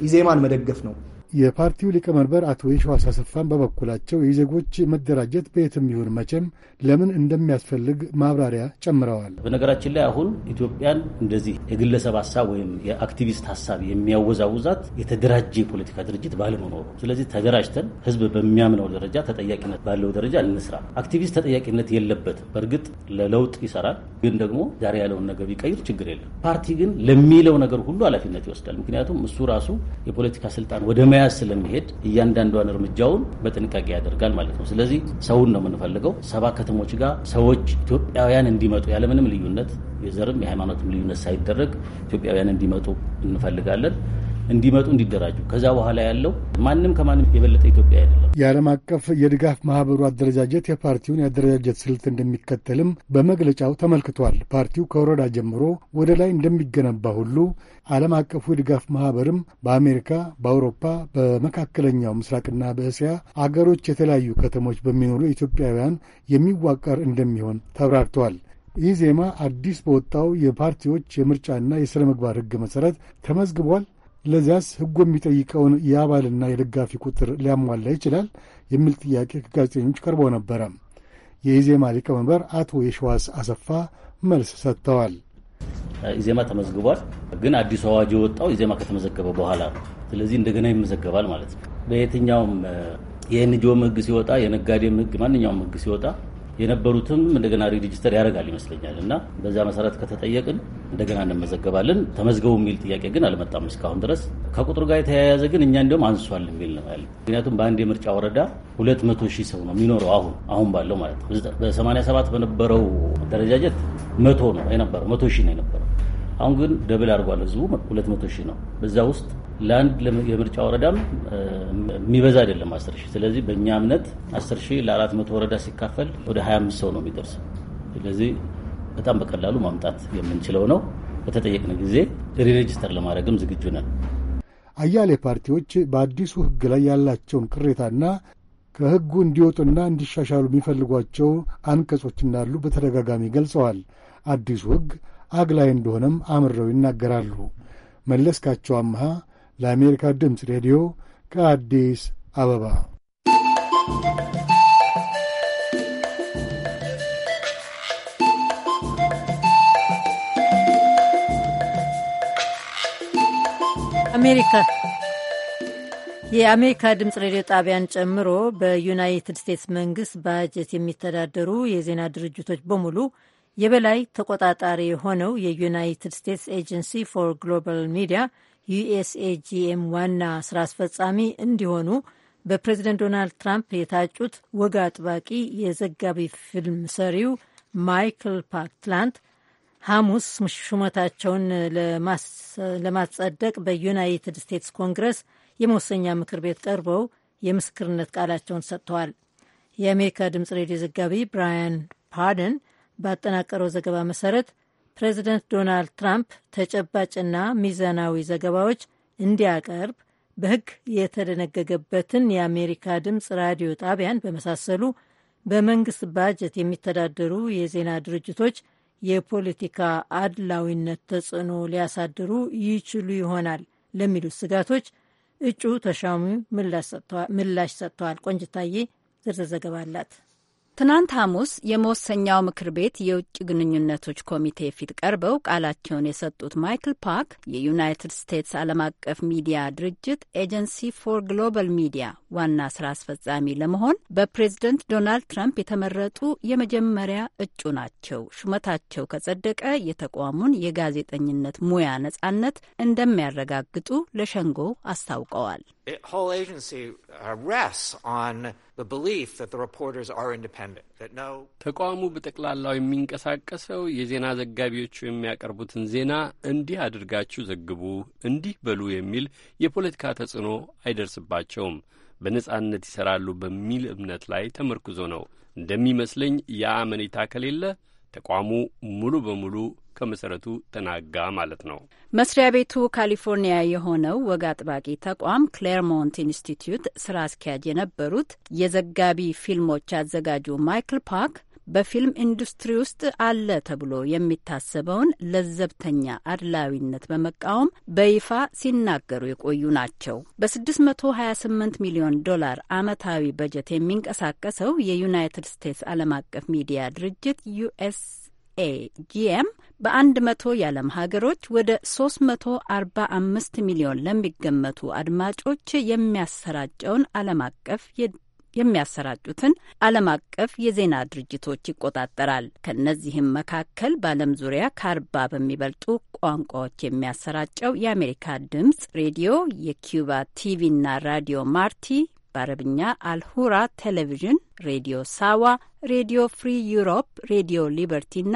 ኢዜማን መደገፍ ነው። የፓርቲው ሊቀመንበር አቶ የሸዋስ አሰፋን በበኩላቸው የዜጎች መደራጀት በየትም ይሁን መቼም ለምን እንደሚያስፈልግ ማብራሪያ ጨምረዋል። በነገራችን ላይ አሁን ኢትዮጵያን እንደዚህ የግለሰብ ሀሳብ ወይም የአክቲቪስት ሀሳብ የሚያወዛውዛት የተደራጀ የፖለቲካ ድርጅት ባለመኖሩ፣ ስለዚህ ተደራጅተን ህዝብ በሚያምነው ደረጃ ተጠያቂነት ባለው ደረጃ እንስራ። አክቲቪስት ተጠያቂነት የለበትም። በእርግጥ ለለውጥ ይሰራል፣ ግን ደግሞ ዛሬ ያለውን ነገር ቢቀይር ችግር የለም። ፓርቲ ግን ለሚለው ነገር ሁሉ ኃላፊነት ይወስዳል። ምክንያቱም እሱ ራሱ የፖለቲካ ስልጣን ወደ መያ ሳያዝ ስለሚሄድ እያንዳንዷን እርምጃውን በጥንቃቄ ያደርጋል ማለት ነው። ስለዚህ ሰውን ነው የምንፈልገው። ሰባ ከተሞች ጋር ሰዎች ኢትዮጵያውያን እንዲመጡ ያለምንም ልዩነት የዘርም የሃይማኖትም ልዩነት ሳይደረግ ኢትዮጵያውያን እንዲመጡ እንፈልጋለን። እንዲመጡ እንዲደራጁ። ከዛ በኋላ ያለው ማንም ከማንም የበለጠ ኢትዮጵያ አይደለም። የዓለም አቀፍ የድጋፍ ማህበሩ አደረጃጀት የፓርቲውን የአደረጃጀት ስልት እንደሚከተልም በመግለጫው ተመልክቷል። ፓርቲው ከወረዳ ጀምሮ ወደ ላይ እንደሚገነባ ሁሉ ዓለም አቀፉ የድጋፍ ማህበርም በአሜሪካ፣ በአውሮፓ፣ በመካከለኛው ምስራቅና በእስያ አገሮች የተለያዩ ከተሞች በሚኖሩ ኢትዮጵያውያን የሚዋቀር እንደሚሆን ተብራርተዋል። ይህ ዜማ አዲስ በወጣው የፓርቲዎች የምርጫና የሥነ ምግባር ሕግ መሠረት ተመዝግቧል ለዚያስ ህጉ የሚጠይቀውን የአባልና የደጋፊ ቁጥር ሊያሟላ ይችላል የሚል ጥያቄ ከጋዜጠኞች ቀርቦ ነበረ። የኢዜማ ሊቀመንበር አቶ የሸዋስ አሰፋ መልስ ሰጥተዋል። ኢዜማ ተመዝግቧል፣ ግን አዲሱ አዋጅ የወጣው ኢዜማ ከተመዘገበ በኋላ ነው። ስለዚህ እንደገና ይመዘገባል ማለት ነው። በየትኛውም የንጆም ህግ ሲወጣ የነጋዴም ህግ ማንኛውም ህግ ሲወጣ የነበሩትም እንደገና ሪጅስተር ያደርጋል ይመስለኛል። እና በዛ መሰረት ከተጠየቅን እንደገና እንመዘገባለን። ተመዝገቡ የሚል ጥያቄ ግን አልመጣም እስካሁን ድረስ። ከቁጥሩ ጋር የተያያዘ ግን እኛ እንዲሁም አንሷል የሚል ነው ያለ። ምክንያቱም በአንድ የምርጫ ወረዳ ሁለት መቶ ሺህ ሰው ነው የሚኖረው አሁን አሁን ባለው ማለት ነው። በሰማንያ ሰባት በነበረው ደረጃጀት መቶ ነው የነበረው መቶ ሺህ ነው የነበረው አሁን ግን ደብል አድርጓል። ህዝቡ ሁለት መቶ ሺህ ነው። በዛ ውስጥ ለአንድ የምርጫ ወረዳም የሚበዛ አይደለም አስር ሺህ። ስለዚህ በእኛ እምነት አስር ሺህ ለአራት መቶ ወረዳ ሲካፈል ወደ ሀያ አምስት ሰው ነው የሚደርስ። ስለዚህ በጣም በቀላሉ ማምጣት የምንችለው ነው። በተጠየቅን ጊዜ ሪሬጅስተር ለማድረግም ዝግጁ ነን። አያሌ ፓርቲዎች በአዲሱ ህግ ላይ ያላቸውን ቅሬታና ከህጉ እንዲወጡና እንዲሻሻሉ የሚፈልጓቸው አንቀጾች እንዳሉ በተደጋጋሚ ገልጸዋል። አዲሱ ህግ አግላይ እንደሆነም አምረው ይናገራሉ። መለስካቸው አምሃ ለአሜሪካ ድምፅ ሬዲዮ ከአዲስ አበባ አሜሪካ የአሜሪካ ድምፅ ሬዲዮ ጣቢያን ጨምሮ በዩናይትድ ስቴትስ መንግስት ባጀት የሚተዳደሩ የዜና ድርጅቶች በሙሉ የበላይ ተቆጣጣሪ የሆነው የዩናይትድ ስቴትስ ኤጀንሲ ፎር ግሎባል ሚዲያ ዩኤስኤጂኤም ዋና ስራ አስፈጻሚ እንዲሆኑ በፕሬዝደንት ዶናልድ ትራምፕ የታጩት ወግ አጥባቂ የዘጋቢ ፊልም ሰሪው ማይክል ፓክ ትላንት ሐሙስ ሹመታቸውን ለማጸደቅ በዩናይትድ ስቴትስ ኮንግረስ የመወሰኛ ምክር ቤት ቀርበው የምስክርነት ቃላቸውን ሰጥተዋል። የአሜሪካ ድምጽ ሬዲዮ ዘጋቢ ብራያን ፓደን ባጠናቀረው ዘገባ መሰረት ፕሬዚደንት ዶናልድ ትራምፕ ተጨባጭና ሚዛናዊ ዘገባዎች እንዲያቀርብ በሕግ የተደነገገበትን የአሜሪካ ድምፅ ራዲዮ ጣቢያን በመሳሰሉ በመንግስት ባጀት የሚተዳደሩ የዜና ድርጅቶች የፖለቲካ አድላዊነት ተጽዕኖ ሊያሳድሩ ይችሉ ይሆናል ለሚሉት ስጋቶች እጩ ተሻሚ ምላሽ ሰጥተዋል። ቆንጅታዬ ዝርዝር ዘገባ አላት። ትናንት ሐሙስ የመወሰኛው ምክር ቤት የውጭ ግንኙነቶች ኮሚቴ ፊት ቀርበው ቃላቸውን የሰጡት ማይክል ፓክ የዩናይትድ ስቴትስ ዓለም አቀፍ ሚዲያ ድርጅት ኤጀንሲ ፎር ግሎባል ሚዲያ ዋና ስራ አስፈጻሚ ለመሆን በፕሬዝደንት ዶናልድ ትራምፕ የተመረጡ የመጀመሪያ እጩ ናቸው። ሹመታቸው ከጸደቀ የተቋሙን የጋዜጠኝነት ሙያ ነጻነት እንደሚያረጋግጡ ለሸንጎ አስታውቀዋል። ተቋሙ በጠቅላላው የሚንቀሳቀሰው የዜና ዘጋቢዎቹ የሚያቀርቡትን ዜና እንዲህ አድርጋችሁ ዘግቡ፣ እንዲህ በሉ የሚል የፖለቲካ ተጽዕኖ አይደርስባቸውም። በነጻነት ይሰራሉ በሚል እምነት ላይ ተመርኩዞ ነው። እንደሚመስለኝ ያ አመኔታ ከሌለ ተቋሙ ሙሉ በሙሉ ከመሰረቱ ተናጋ ማለት ነው። መስሪያ ቤቱ ካሊፎርኒያ የሆነው ወግ አጥባቂ ተቋም ክሌርሞንት ኢንስቲትዩት ስራ አስኪያጅ የነበሩት የዘጋቢ ፊልሞች አዘጋጁ ማይክል ፓክ በፊልም ኢንዱስትሪ ውስጥ አለ ተብሎ የሚታሰበውን ለዘብተኛ አድላዊነት በመቃወም በይፋ ሲናገሩ የቆዩ ናቸው። በ628 ሚሊዮን ዶላር ዓመታዊ በጀት የሚንቀሳቀሰው የዩናይትድ ስቴትስ ዓለም አቀፍ ሚዲያ ድርጅት ዩኤስኤጂኤም ኤ ጂኤም በአንድ መቶ የዓለም ሀገሮች ወደ 345 ሚሊዮን ለሚገመቱ አድማጮች የሚያሰራጨውን ዓለም አቀፍ የሚያሰራጩትን ዓለም አቀፍ የዜና ድርጅቶች ይቆጣጠራል። ከእነዚህም መካከል በዓለም ዙሪያ ከአርባ በሚበልጡ ቋንቋዎች የሚያሰራጨው የአሜሪካ ድምፅ ሬዲዮ፣ የኪዩባ ቲቪና ራዲዮ ማርቲ በአረብኛ አልሁራ ቴሌቪዥን፣ ሬዲዮ ሳዋ፣ ሬዲዮ ፍሪ ዩሮፕ፣ ሬዲዮ ሊበርቲና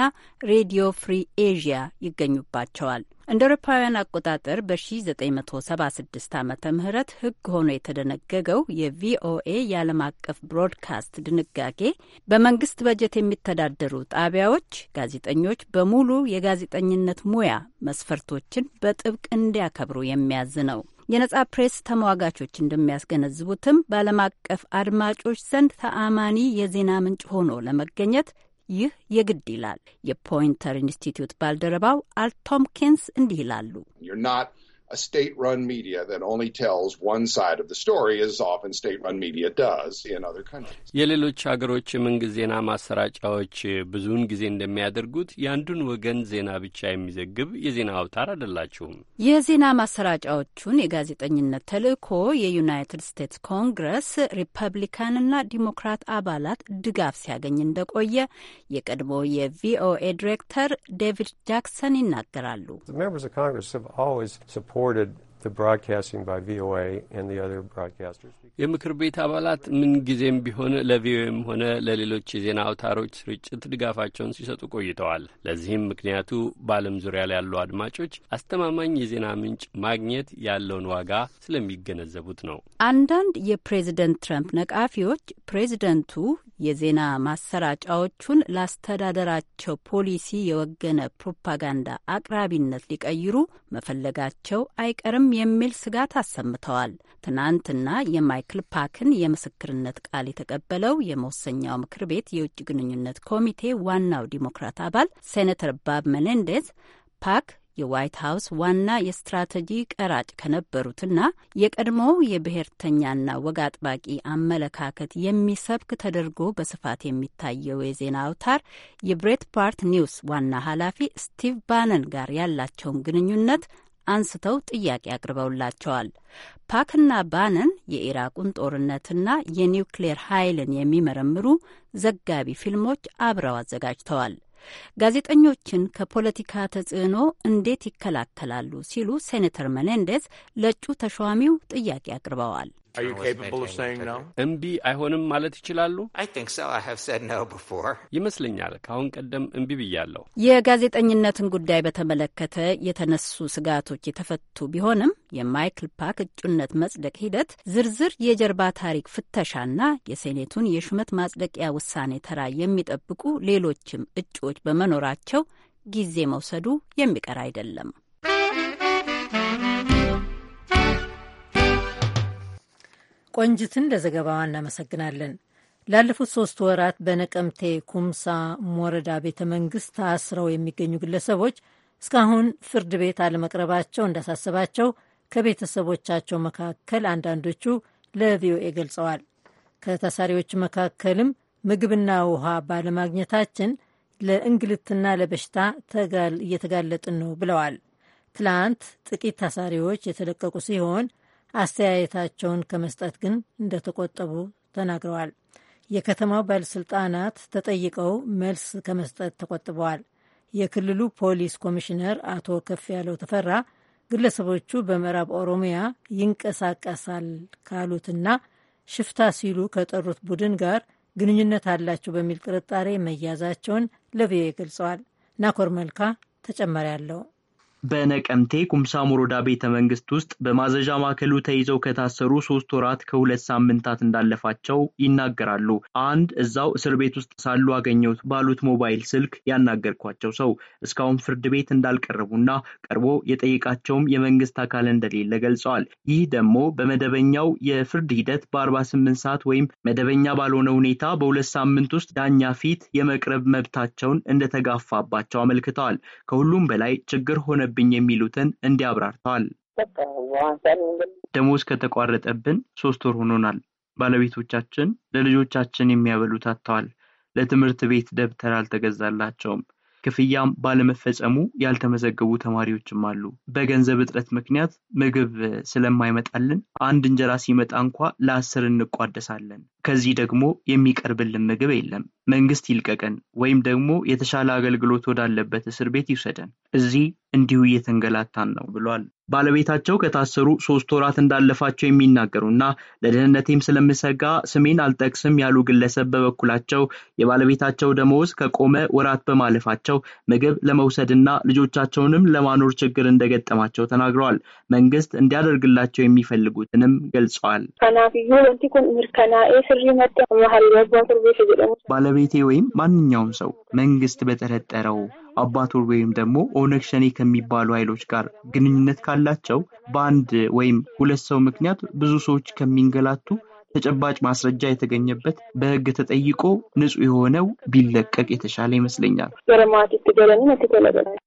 ሬዲዮ ፍሪ ኤዥያ ይገኙባቸዋል። እንደ አውሮፓውያን አቆጣጠር በ1976 ዓ ም ህግ ሆኖ የተደነገገው የቪኦኤ የዓለም አቀፍ ብሮድካስት ድንጋጌ በመንግስት በጀት የሚተዳደሩ ጣቢያዎች ጋዜጠኞች በሙሉ የጋዜጠኝነት ሙያ መስፈርቶችን በጥብቅ እንዲያከብሩ የሚያዝ ነው። የነጻ ፕሬስ ተሟጋቾች እንደሚያስገነዝቡትም በዓለም አቀፍ አድማጮች ዘንድ ተአማኒ የዜና ምንጭ ሆኖ ለመገኘት ይህ የግድ ይላል። የፖይንተር ኢንስቲትዩት ባልደረባው አልቶምኪንስ እንዲህ ይላሉ። a state run media that only tells one side of the story, as often state run media does in other countries. የሌሎች ሀገሮች የመንግስት ዜና ማሰራጫዎች ብዙውን ጊዜ እንደሚያደርጉት የአንዱን ወገን ዜና ብቻ የሚዘግብ የዜና አውታር አይደላችሁም። የዜና ማሰራጫዎቹን የጋዜጠኝነት ተልዕኮ የዩናይትድ ስቴትስ ኮንግረስ ሪፐብሊካንና ዲሞክራት አባላት ድጋፍ ሲያገኝ እንደቆየ የቀድሞ የቪኦኤ ዲሬክተር ዴቪድ ጃክሰን ይናገራሉ። supported the broadcasting by VOA and the other broadcasters. የምክር ቤት አባላት ምንጊዜም ቢሆን ለቪኦኤም ሆነ ለሌሎች የዜና አውታሮች ስርጭት ድጋፋቸውን ሲሰጡ ቆይተዋል። ለዚህም ምክንያቱ በዓለም ዙሪያ ላይ ያሉ አድማጮች አስተማማኝ የዜና ምንጭ ማግኘት ያለውን ዋጋ ስለሚገነዘቡት ነው። አንዳንድ የፕሬዝደንት ትረምፕ ነቃፊዎች ፕሬዝደንቱ የዜና ማሰራጫዎቹን ላስተዳደራቸው ፖሊሲ የወገነ ፕሮፓጋንዳ አቅራቢነት ሊቀይሩ መፈለጋቸው አይቀርም የሚል ስጋት አሰምተዋል። ትናንትና የማይ ማይክል ፓክን የምስክርነት ቃል የተቀበለው የመወሰኛው ምክር ቤት የውጭ ግንኙነት ኮሚቴ ዋናው ዲሞክራት አባል ሴኔተር ባብ መኔንዴዝ ፓክ የዋይት ሀውስ ዋና የስትራቴጂ ቀራጭ ከነበሩትና የቀድሞው የብሔርተኛና ወግ አጥባቂ አመለካከት የሚሰብክ ተደርጎ በስፋት የሚታየው የዜና አውታር ፓርት ኒውስ ዋና ኃላፊ ስቲቭ ባነን ጋር ያላቸውን ግንኙነት አንስተው ጥያቄ አቅርበውላቸዋል። ፓክና ባነን የኢራቁን ጦርነትና የኒውክሌር ኃይልን የሚመረምሩ ዘጋቢ ፊልሞች አብረው አዘጋጅተዋል። ጋዜጠኞችን ከፖለቲካ ተጽዕኖ እንዴት ይከላከላሉ ሲሉ ሴኔተር መኔንዴዝ ለእጩ ተሿሚው ጥያቄ አቅርበዋል። እምቢ አይሆንም ማለት ይችላሉ ይመስለኛል። ከአሁን ቀደም እምቢ ብያለሁ። የጋዜጠኝነትን ጉዳይ በተመለከተ የተነሱ ስጋቶች የተፈቱ ቢሆንም የማይክል ፓክ እጩነት መጽደቅ ሂደት ዝርዝር የጀርባ ታሪክ ፍተሻና የሴኔቱን የሹመት ማጽደቂያ ውሳኔ ተራ የሚጠብቁ ሌሎችም እጩዎች በመኖራቸው ጊዜ መውሰዱ የሚቀር አይደለም። ቆንጅትን ለዘገባዋ እናመሰግናለን። ላለፉት ሶስት ወራት በነቀምቴ ኩምሳ ሞረዳ ቤተ መንግስት ታስረው የሚገኙ ግለሰቦች እስካሁን ፍርድ ቤት አለመቅረባቸው እንዳሳሰባቸው ከቤተሰቦቻቸው መካከል አንዳንዶቹ ለቪኦኤ ገልጸዋል። ከታሳሪዎች መካከልም ምግብና ውሃ ባለማግኘታችን ለእንግልትና ለበሽታ እየተጋለጥን ነው ብለዋል። ትላንት ጥቂት ታሳሪዎች የተለቀቁ ሲሆን አስተያየታቸውን ከመስጠት ግን እንደተቆጠቡ ተናግረዋል። የከተማው ባለሥልጣናት ተጠይቀው መልስ ከመስጠት ተቆጥበዋል። የክልሉ ፖሊስ ኮሚሽነር አቶ ከፍ ያለው ተፈራ ግለሰቦቹ በምዕራብ ኦሮሚያ ይንቀሳቀሳል ካሉትና ሽፍታ ሲሉ ከጠሩት ቡድን ጋር ግንኙነት አላቸው በሚል ጥርጣሬ መያዛቸውን ለቪኦኤ ገልጸዋል። ናኮር መልካ ተጨማሪ አለው። በነቀምቴ ኩምሳ ሞሮዳ ቤተ መንግስት ውስጥ በማዘዣ ማዕከሉ ተይዘው ከታሰሩ ሶስት ወራት ከሁለት ሳምንታት እንዳለፋቸው ይናገራሉ። አንድ እዛው እስር ቤት ውስጥ ሳሉ አገኘሁት ባሉት ሞባይል ስልክ ያናገርኳቸው ሰው እስካሁን ፍርድ ቤት እንዳልቀረቡና ቀርቦ የጠየቃቸውም የመንግስት አካል እንደሌለ ገልጸዋል። ይህ ደግሞ በመደበኛው የፍርድ ሂደት በ48 ሰዓት ወይም መደበኛ ባልሆነ ሁኔታ በሁለት ሳምንት ውስጥ ዳኛ ፊት የመቅረብ መብታቸውን እንደተጋፋባቸው አመልክተዋል። ከሁሉም በላይ ችግር ሆነ ነበረብኝ የሚሉትን እንዲያብራርተዋል ደሞዝ ከተቋረጠብን ሶስት ወር ሆኖናል። ባለቤቶቻችን ለልጆቻችን የሚያበሉት አጥተዋል። ለትምህርት ቤት ደብተር አልተገዛላቸውም። ክፍያም ባለመፈጸሙ ያልተመዘገቡ ተማሪዎችም አሉ። በገንዘብ እጥረት ምክንያት ምግብ ስለማይመጣልን አንድ እንጀራ ሲመጣ እንኳ ለአስር እንቋደሳለን። ከዚህ ደግሞ የሚቀርብልን ምግብ የለም። መንግስት ይልቀቀን ወይም ደግሞ የተሻለ አገልግሎት ወዳለበት እስር ቤት ይውሰደን። እዚህ እንዲሁ እየተንገላታን ነው ብሏል። ባለቤታቸው ከታሰሩ ሶስት ወራት እንዳለፋቸው የሚናገሩና ለደህንነቴም ስለምሰጋ ስሜን አልጠቅስም ያሉ ግለሰብ በበኩላቸው የባለቤታቸው ደመወዝ ከቆመ ወራት በማለፋቸው ምግብ ለመውሰድና ልጆቻቸውንም ለማኖር ችግር እንደገጠማቸው ተናግረዋል። መንግስት እንዲያደርግላቸው የሚፈልጉትንም ገልጸዋል። ባለቤቴ ወይም ማንኛውም ሰው መንግስት በጠረጠረው አባቶር ወይም ደግሞ ኦነግ ሸኔ ከሚባሉ ኃይሎች ጋር ግንኙነት ካላቸው በአንድ ወይም ሁለት ሰው ምክንያት ብዙ ሰዎች ከሚንገላቱ ተጨባጭ ማስረጃ የተገኘበት በህግ ተጠይቆ ንጹህ የሆነው ቢለቀቅ የተሻለ ይመስለኛል።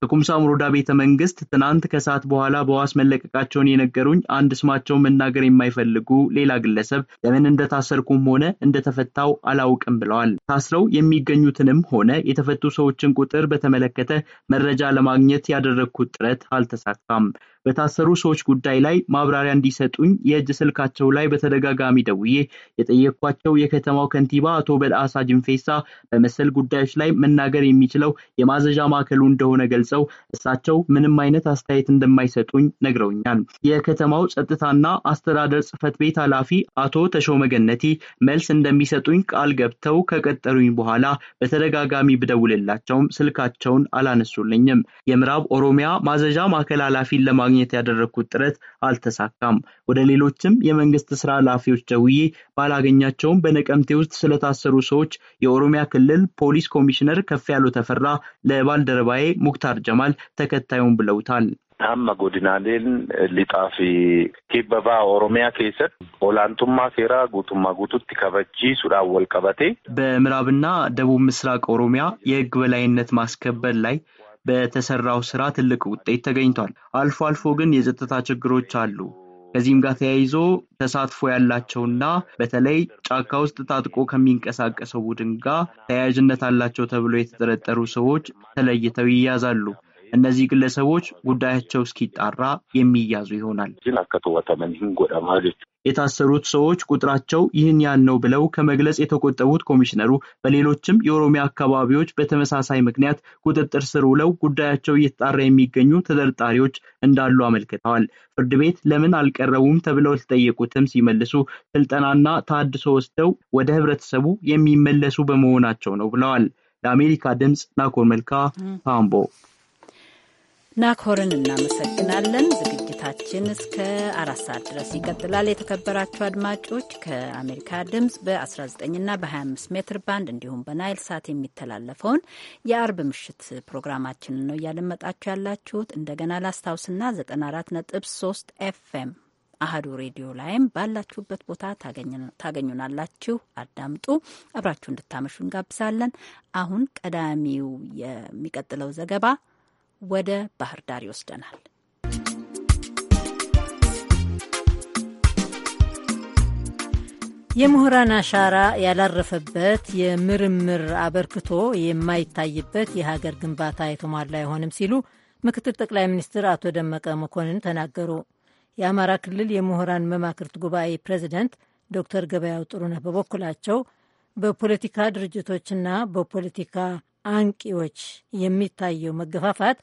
ትኩምሳ ሞሮዳ ቤተ መንግስት ትናንት ከሰዓት በኋላ በዋስ መለቀቃቸውን የነገሩኝ አንድ ስማቸውን መናገር የማይፈልጉ ሌላ ግለሰብ ለምን እንደታሰርኩም ሆነ እንደተፈታው አላውቅም ብለዋል። ታስረው የሚገኙትንም ሆነ የተፈቱ ሰዎችን ቁጥር በተመለከተ መረጃ ለማግኘት ያደረግኩት ጥረት አልተሳካም። በታሰሩ ሰዎች ጉዳይ ላይ ማብራሪያ እንዲሰጡኝ የእጅ ስልካቸው ላይ በተደጋጋሚ ደውዬ ብዬ የጠየኳቸው የከተማው ከንቲባ አቶ በልአሳ ጅንፌሳ በመሰል ጉዳዮች ላይ መናገር የሚችለው የማዘዣ ማዕከሉ እንደሆነ ገልጸው እሳቸው ምንም አይነት አስተያየት እንደማይሰጡኝ ነግረውኛል። የከተማው ጸጥታና አስተዳደር ጽህፈት ቤት ኃላፊ አቶ ተሾመ ገነቲ መልስ እንደሚሰጡኝ ቃል ገብተው ከቀጠሩኝ በኋላ በተደጋጋሚ ብደውልላቸውም ስልካቸውን አላነሱልኝም። የምዕራብ ኦሮሚያ ማዘዣ ማዕከል ኃላፊን ለማግኘት ያደረግኩት ጥረት አልተሳካም። ወደ ሌሎችም የመንግስት ስራ ኃላፊዎች ደውዬ ባላገኛቸውም በነቀምቴ ውስጥ ስለታሰሩ ሰዎች የኦሮሚያ ክልል ፖሊስ ኮሚሽነር ከፍ ያሉ ተፈራ ለባልደረባዬ ሙክታር ጀማል ተከታዩን ብለውታል። hamma godinaaleen ሊጣፊ ኬበባ ኦሮሚያ ኬሰት ኦላንቱማ ሴራ ጉቱማ ጉቱት ከበቺ wal ወልቀበቴ በምዕራብና ደቡብ ምስራቅ ኦሮሚያ የህግ በላይነት ማስከበር ላይ በተሰራው ስራ ትልቅ ውጤት ተገኝቷል። አልፎ አልፎ ግን የጸጥታ ችግሮች አሉ። ከዚህም ጋር ተያይዞ ተሳትፎ ያላቸውና በተለይ ጫካ ውስጥ ታጥቆ ከሚንቀሳቀሰው ቡድን ጋር ተያያዥነት አላቸው ተብሎ የተጠረጠሩ ሰዎች ተለይተው ይያዛሉ። እነዚህ ግለሰቦች ጉዳያቸው እስኪጣራ የሚያዙ ይሆናል። የታሰሩት ሰዎች ቁጥራቸው ይህን ያህል ነው ብለው ከመግለጽ የተቆጠቡት ኮሚሽነሩ በሌሎችም የኦሮሚያ አካባቢዎች በተመሳሳይ ምክንያት ቁጥጥር ስር ውለው ጉዳያቸው እየተጣራ የሚገኙ ተጠርጣሪዎች እንዳሉ አመልክተዋል። ፍርድ ቤት ለምን አልቀረቡም ተብለው ተጠየቁትም ሲመልሱ ስልጠናና ታድሶ ወስደው ወደ ህብረተሰቡ የሚመለሱ በመሆናቸው ነው ብለዋል። ለአሜሪካ ድምፅ ናኮር መልካ ታምቦ ናኮርን እናመሰግናለን። ዝግጅታችን እስከ አራት ሰዓት ድረስ ይቀጥላል። የተከበራችሁ አድማጮች ከአሜሪካ ድምፅ በ19ና በ25 ሜትር ባንድ እንዲሁም በናይል ሳት የሚተላለፈውን የአርብ ምሽት ፕሮግራማችንን ነው እያደመጣችሁ ያላችሁት። እንደገና ላስታውስና 3 ኤፍኤም አህዱ ሬዲዮ ላይም ባላችሁበት ቦታ ታገኙናላችሁ። አዳምጡ፣ አብራችሁ እንድታመሹ እንጋብዛለን። አሁን ቀዳሚው የሚቀጥለው ዘገባ ወደ ባህር ዳር ይወስደናል። የምሁራን አሻራ ያላረፈበት የምርምር አበርክቶ የማይታይበት የሀገር ግንባታ የተሟላ አይሆንም ሲሉ ምክትል ጠቅላይ ሚኒስትር አቶ ደመቀ መኮንን ተናገሩ። የአማራ ክልል የምሁራን መማክርት ጉባኤ ፕሬዚደንት ዶክተር ገበያው ጥሩነህ በበኩላቸው በፖለቲካ ድርጅቶችና በፖለቲካ አንቂዎች የሚታየው መገፋፋት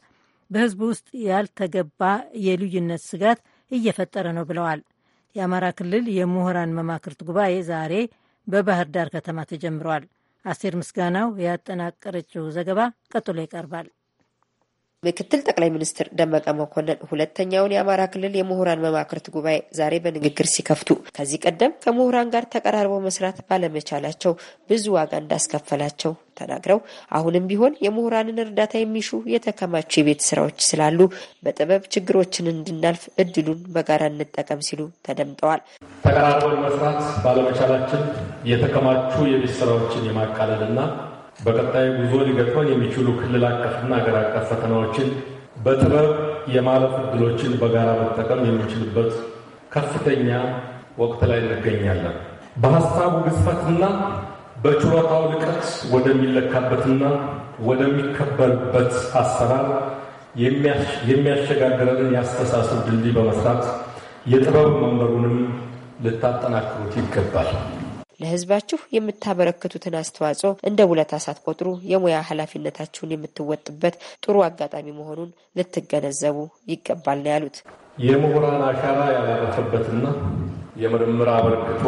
በህዝብ ውስጥ ያልተገባ የልዩነት ስጋት እየፈጠረ ነው ብለዋል። የአማራ ክልል የምሁራን መማክርት ጉባኤ ዛሬ በባህር ዳር ከተማ ተጀምሯል። አስቴር ምስጋናው ያጠናቀረችው ዘገባ ቀጥሎ ይቀርባል። ምክትል ጠቅላይ ሚኒስትር ደመቀ መኮንን ሁለተኛውን የአማራ ክልል የምሁራን መማክርት ጉባኤ ዛሬ በንግግር ሲከፍቱ ከዚህ ቀደም ከምሁራን ጋር ተቀራርበው መስራት ባለመቻላቸው ብዙ ዋጋ እንዳስከፈላቸው ተናግረው አሁንም ቢሆን የምሁራንን እርዳታ የሚሹ የተከማቹ የቤት ስራዎች ስላሉ በጥበብ ችግሮችን እንድናልፍ እድሉን በጋራ እንጠቀም ሲሉ ተደምጠዋል። ተቀራርበን መስራት ባለመቻላችን የተከማቹ የቤት ስራዎችን የማቃለልና በቀጣይ ጉዞ ሊገጥመን የሚችሉ ክልል አቀፍና አገር አቀፍ ፈተናዎችን በጥበብ የማለፍ እድሎችን በጋራ መጠቀም የሚችልበት ከፍተኛ ወቅት ላይ እንገኛለን። በሀሳቡ ግዝፈትና በችሎታው ልቀት ወደሚለካበትና ወደሚከበርበት አሰራር የሚያሸጋግረንን የአስተሳሰብ ድልድይ በመስራት የጥበብ መንበሩንም ልታጠናክሩት ይገባል። ለህዝባችሁ የምታበረክቱትን አስተዋጽኦ እንደ ውለታ ሳትቆጥሩ የሙያ ኃላፊነታችሁን የምትወጥበት ጥሩ አጋጣሚ መሆኑን ልትገነዘቡ ይገባል ነው ያሉት። የምሁራን አሻራ ያላረፈበትና የምርምር አበርክቶ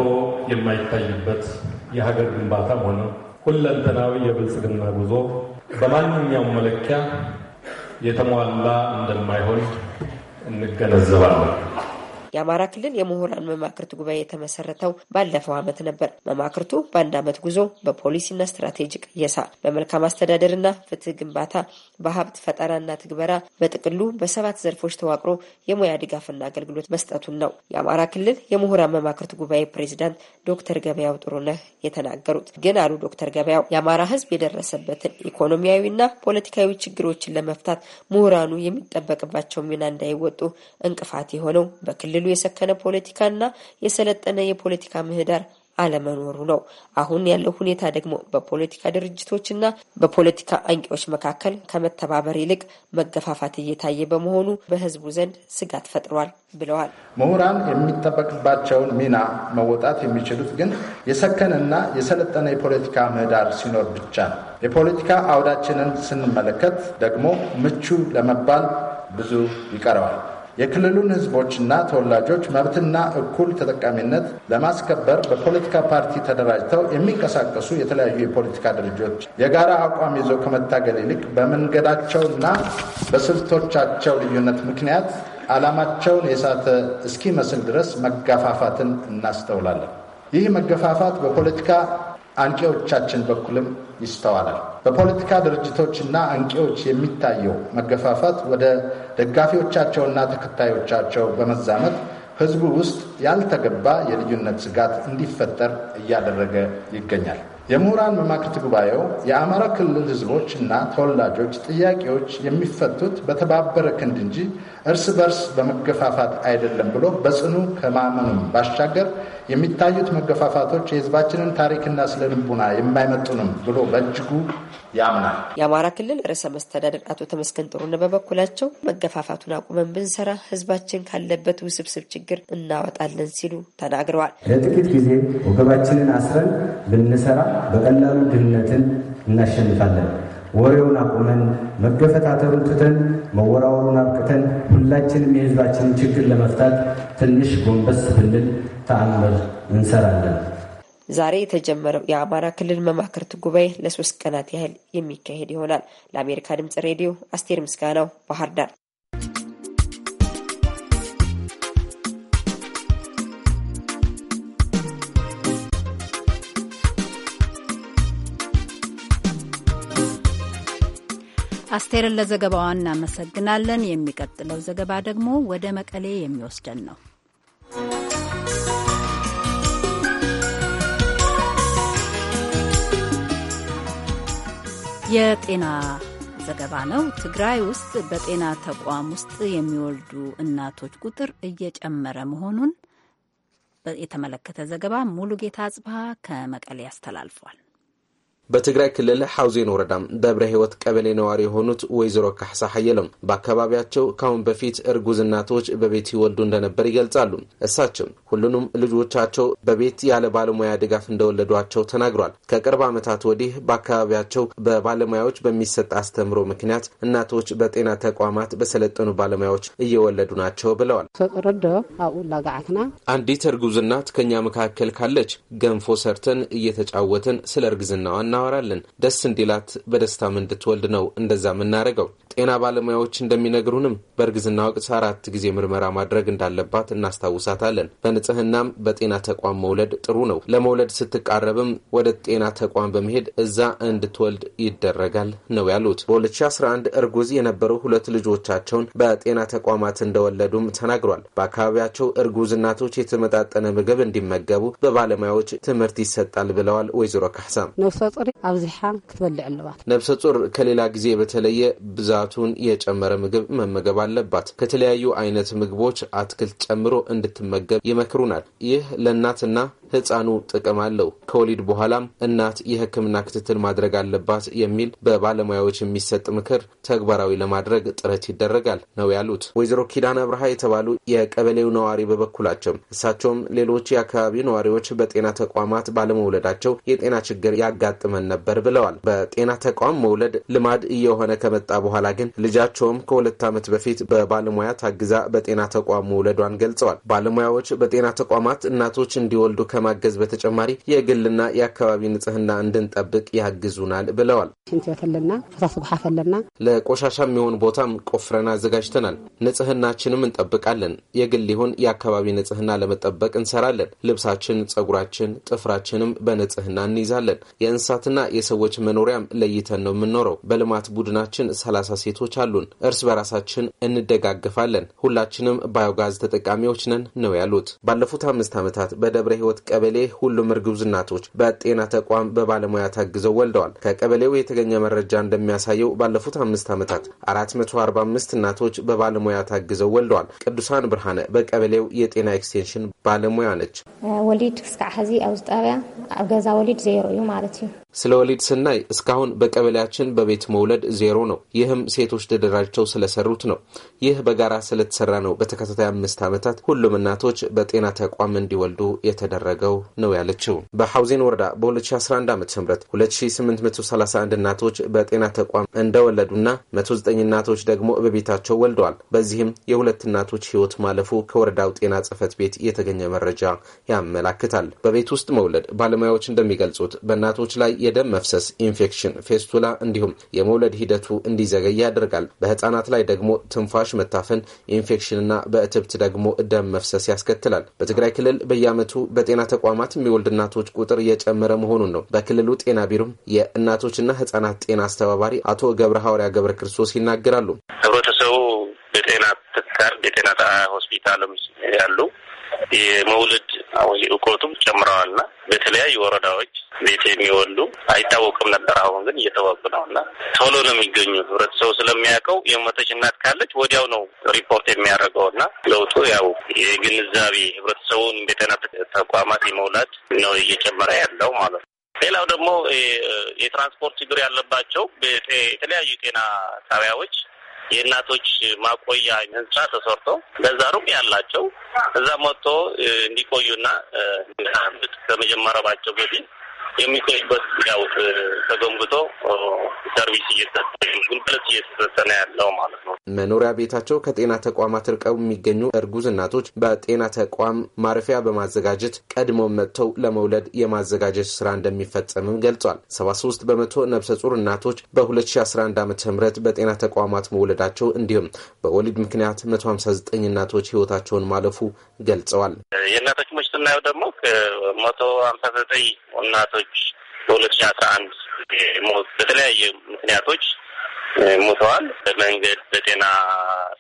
የማይታይበት የሀገር ግንባታም ሆነ ሁለንተናዊ የብልጽግና ጉዞ በማንኛውም መለኪያ የተሟላ እንደማይሆን እንገነዘባለን። የአማራ ክልል የምሁራን መማክርት ጉባኤ የተመሰረተው ባለፈው ዓመት ነበር። መማክርቱ በአንድ ዓመት ጉዞ በፖሊሲና ስትራቴጂክ የሳ በመልካም አስተዳደርና ፍትህ ግንባታ፣ በሀብት ፈጠራና ትግበራ በጥቅሉ በሰባት ዘርፎች ተዋቅሮ የሙያ ድጋፍና አገልግሎት መስጠቱን ነው የአማራ ክልል የምሁራን መማክርት ጉባኤ ፕሬዚዳንት ዶክተር ገበያው ጥሩነህ የተናገሩት። ግን አሉ ዶክተር ገበያው የአማራ ህዝብ የደረሰበትን ኢኮኖሚያዊና ፖለቲካዊ ችግሮችን ለመፍታት ምሁራኑ የሚጠበቅባቸው ሚና እንዳይወጡ እንቅፋት የሆነው በክልሉ በክልሉ የሰከነ ፖለቲካና የሰለጠነ የፖለቲካ ምህዳር አለመኖሩ ነው። አሁን ያለው ሁኔታ ደግሞ በፖለቲካ ድርጅቶችና በፖለቲካ አንቂዎች መካከል ከመተባበር ይልቅ መገፋፋት እየታየ በመሆኑ በህዝቡ ዘንድ ስጋት ፈጥሯል ብለዋል። ምሁራን የሚጠበቅባቸውን ሚና መወጣት የሚችሉት ግን የሰከነና የሰለጠነ የፖለቲካ ምህዳር ሲኖር ብቻ ነው። የፖለቲካ አውዳችንን ስንመለከት ደግሞ ምቹ ለመባል ብዙ ይቀረዋል። የክልሉን ህዝቦችና ተወላጆች መብትና እኩል ተጠቃሚነት ለማስከበር በፖለቲካ ፓርቲ ተደራጅተው የሚንቀሳቀሱ የተለያዩ የፖለቲካ ድርጅቶች የጋራ አቋም ይዘው ከመታገል ይልቅ በመንገዳቸውና በስልቶቻቸው ልዩነት ምክንያት ዓላማቸውን የሳተ እስኪመስል ድረስ መገፋፋትን እናስተውላለን። ይህ መገፋፋት በፖለቲካ አንቂዎቻችን በኩልም ይስተዋላል። በፖለቲካ ድርጅቶችና አንቂዎች የሚታየው መገፋፋት ወደ ደጋፊዎቻቸውና ተከታዮቻቸው በመዛመት ህዝቡ ውስጥ ያልተገባ የልዩነት ስጋት እንዲፈጠር እያደረገ ይገኛል። የምሁራን መማክርት ጉባኤው የአማራ ክልል ህዝቦች እና ተወላጆች ጥያቄዎች የሚፈቱት በተባበረ ክንድ እንጂ እርስ በርስ በመገፋፋት አይደለም ብሎ በጽኑ ከማመኑም ባሻገር የሚታዩት መገፋፋቶች የህዝባችንን ታሪክና ስነ ልቡና የማይመጡንም ብሎ በእጅጉ ያምናል። የአማራ ክልል ርዕሰ መስተዳደር አቶ ተመስገን ጥሩነ በበኩላቸው መገፋፋቱን አቁመን ብንሰራ ህዝባችን ካለበት ውስብስብ ችግር እናወጣለን ሲሉ ተናግረዋል። ለጥቂት ጊዜ ወገባችንን አስረን ብንሰራ በቀላሉ ድህነትን እናሸንፋለን። ወሬውን አቁመን መገፈታተሩን ትተን መወራወሩን አብቅተን ሁላችንም የህዝባችንን ችግር ለመፍታት ትንሽ ጎንበስ ብንል ተአምር እንሰራለን። ዛሬ የተጀመረው የአማራ ክልል መማክርት ጉባኤ ለሶስት ቀናት ያህል የሚካሄድ ይሆናል። ለአሜሪካ ድምጽ ሬዲዮ አስቴር ምስጋናው ባህር ዳር። አስቴርን ለዘገባዋ እናመሰግናለን። የሚቀጥለው ዘገባ ደግሞ ወደ መቀሌ የሚወስደን ነው። የጤና ዘገባ ነው። ትግራይ ውስጥ በጤና ተቋም ውስጥ የሚወልዱ እናቶች ቁጥር እየጨመረ መሆኑን የተመለከተ ዘገባ ሙሉጌታ አጽብሃ ከመቀሌ ያስተላልፏል። በትግራይ ክልል ሐውዜን ወረዳ ደብረ ህይወት ቀበሌ ነዋሪ የሆኑት ወይዘሮ ካሕሳ ሀየሎም በአካባቢያቸው ካሁን በፊት እርጉዝ እናቶች በቤት ይወልዱ እንደነበር ይገልጻሉ። እሳቸው ሁሉንም ልጆቻቸው በቤት ያለ ባለሙያ ድጋፍ እንደወለዷቸው ተናግሯል። ከቅርብ ዓመታት ወዲህ በአካባቢያቸው በባለሙያዎች በሚሰጥ አስተምሮ ምክንያት እናቶች በጤና ተቋማት በሰለጠኑ ባለሙያዎች እየወለዱ ናቸው ብለዋል። አንዲት እርጉዝ እናት ከኛ መካከል ካለች ገንፎ ሰርተን እየተጫወትን ስለ እርግዝናዋና እናወራለን። ደስ እንዲላት በደስታም እንድትወልድ ነው እንደዛ የምናደርገው። ጤና ባለሙያዎች እንደሚነግሩንም በእርግዝና ወቅት አራት ጊዜ ምርመራ ማድረግ እንዳለባት እናስታውሳታለን። በንጽህናም በጤና ተቋም መውለድ ጥሩ ነው። ለመውለድ ስትቃረብም ወደ ጤና ተቋም በመሄድ እዛ እንድትወልድ ይደረጋል ነው ያሉት። በ2011 እርጉዝ የነበሩ ሁለት ልጆቻቸውን በጤና ተቋማት እንደወለዱም ተናግሯል። በአካባቢያቸው እርጉዝ እናቶች የተመጣጠነ ምግብ እንዲመገቡ በባለሙያዎች ትምህርት ይሰጣል ብለዋል። ወይዘሮ ካሳም ነፍሰ ጡር ፍራፍረ ኣብዚሓ ክትበልዕ ኣለባት ነብሰ ጡር ከሌላ ግዜ በተለየ ብዛቱን የጨመረ ምግብ መመገብ አለባት። ከተለያዩ አይነት ምግቦች አትክልት ጨምሮ እንድትመገብ ይመክሩናል። ይህ ለእናትና ህፃኑ ጥቅም አለው። ከወሊድ በኋላም እናት የህክምና ክትትል ማድረግ አለባት የሚል በባለሙያዎች የሚሰጥ ምክር ተግባራዊ ለማድረግ ጥረት ይደረጋል ነው ያሉት ወይዘሮ ኪዳነ ብርሃ የተባሉ የቀበሌው ነዋሪ በበኩላቸው እሳቸውም ሌሎች የአካባቢው ነዋሪዎች በጤና ተቋማት ባለመውለዳቸው የጤና ችግር ያጋጥመን ነበር ብለዋል። በጤና ተቋም መውለድ ልማድ እየሆነ ከመጣ በኋላ ግን ልጃቸውም ከሁለት ዓመት በፊት በባለሙያ ታግዛ በጤና ተቋም መውለዷን ገልጸዋል። ባለሙያዎች በጤና ተቋማት እናቶች እንዲወልዱ ከ ከማገዝ በተጨማሪ የግልና የአካባቢ ንጽህና እንድንጠብቅ ያግዙናል ብለዋል። ሽንት ለቆሻሻ የሚሆን ቦታም ቆፍረን አዘጋጅተናል። ንጽህናችንም እንጠብቃለን። የግል ይሁን የአካባቢ ንጽህና ለመጠበቅ እንሰራለን። ልብሳችን፣ ጸጉራችን፣ ጥፍራችንም በንጽህና እንይዛለን። የእንስሳትና የሰዎች መኖሪያም ለይተን ነው የምንኖረው። በልማት ቡድናችን ሰላሳ ሴቶች አሉን። እርስ በራሳችን እንደጋግፋለን። ሁላችንም ባዮጋዝ ተጠቃሚዎች ነን ነው ያሉት። ባለፉት አምስት ዓመታት በደብረ ህይወት ቀበሌ ሁሉም እርግብ እናቶች በጤና ተቋም በባለሙያ ታግዘው ወልደዋል። ከቀበሌው የተገኘ መረጃ እንደሚያሳየው ባለፉት አምስት ዓመታት 445 እናቶች በባለሙያ ታግዘው ወልደዋል። ቅዱሳን ብርሃነ በቀበሌው የጤና ኤክስቴንሽን ባለሙያ ነች። ወሊድ እስካዕ ሕዚ ኣብዚ ጣብያ ኣብ ገዛ ወሊድ ዘይሮ እዩ ማለት እዩ። ስለ ወሊድ ስናይ እስካሁን በቀበሌያችን በቤት መውለድ ዜሮ ነው። ይህም ሴቶች ተደራጅተው ስለሰሩት ነው። ይህ በጋራ ስለተሰራ ነው። በተከታታይ አምስት ዓመታት ሁሉም እናቶች በጤና ተቋም እንዲወልዱ የተደረገ ያደረገው ነው ያለችው። በሐውዜን ወረዳ በ2011 ዓ ም 2831 እናቶች በጤና ተቋም እንደወለዱና 19 እናቶች ደግሞ በቤታቸው ወልደዋል። በዚህም የሁለት እናቶች ህይወት ማለፉ ከወረዳው ጤና ጽህፈት ቤት የተገኘ መረጃ ያመላክታል። በቤት ውስጥ መውለድ ባለሙያዎች እንደሚገልጹት በእናቶች ላይ የደም መፍሰስ፣ ኢንፌክሽን፣ ፌስቱላ እንዲሁም የመውለድ ሂደቱ እንዲዘገይ ያደርጋል። በህጻናት ላይ ደግሞ ትንፋሽ መታፈን፣ ኢንፌክሽንና በእትብት ደግሞ ደም መፍሰስ ያስከትላል። በትግራይ ክልል በየዓመቱ በጤና ተቋማት የሚወልድ እናቶች ቁጥር እየጨመረ መሆኑን ነው በክልሉ ጤና ቢሮም የእናቶችና ህጻናት ጤና አስተባባሪ አቶ ገብረ ሀዋርያ ገብረ ክርስቶስ ይናገራሉ። ህብረተሰቡ የጤና ትካል የጤና ጣቢያ ያሉ የመውለድ አሁን እውቀቱም ጨምረዋልና በተለያዩ ወረዳዎች ቤት የሚወልዱ አይታወቅም ነበር። አሁን ግን እየተዋጉ ነው እና ቶሎ ነው የሚገኙ። ህብረተሰቡ ስለሚያውቀው የሞተች እናት ካለች ወዲያው ነው ሪፖርት የሚያደርገው እና ለውጡ ያው የግንዛቤ ህብረተሰቡን በጤና ተቋማት የመውላድ ነው እየጨመረ ያለው ማለት ነው። ሌላው ደግሞ የትራንስፖርት ችግር ያለባቸው የተለያዩ ጤና ጣቢያዎች የእናቶች ማቆያ ህንጻ ተሰርቶ በዛ ሩቅ ያላቸው እዛ መጥቶ እንዲቆዩና ምጥ ከመጀመራባቸው በፊት የሚቆዩበት ያው እየተወሰነ ያለው ማለት ነው። መኖሪያ ቤታቸው ከጤና ተቋማት ርቀው የሚገኙ እርጉዝ እናቶች በጤና ተቋም ማረፊያ በማዘጋጀት ቀድሞ መጥተው ለመውለድ የማዘጋጀት ስራ እንደሚፈጸምም ገልጿል። 73 በመቶ ነብሰ ጡር እናቶች በ2011 ዓ ም በጤና ተቋማት መውለዳቸው እንዲሁም በወሊድ ምክንያት 159 እናቶች ህይወታቸውን ማለፉ ገልጸዋል። የእናቶች ሞት ስናየው ደግሞ መቶ ሀምሳ ዘጠኝ እናቶች በሁለት ሺ አስራ አንድ ሞት በተለያየ ምክንያቶች ሞተዋል። በመንገድ በጤና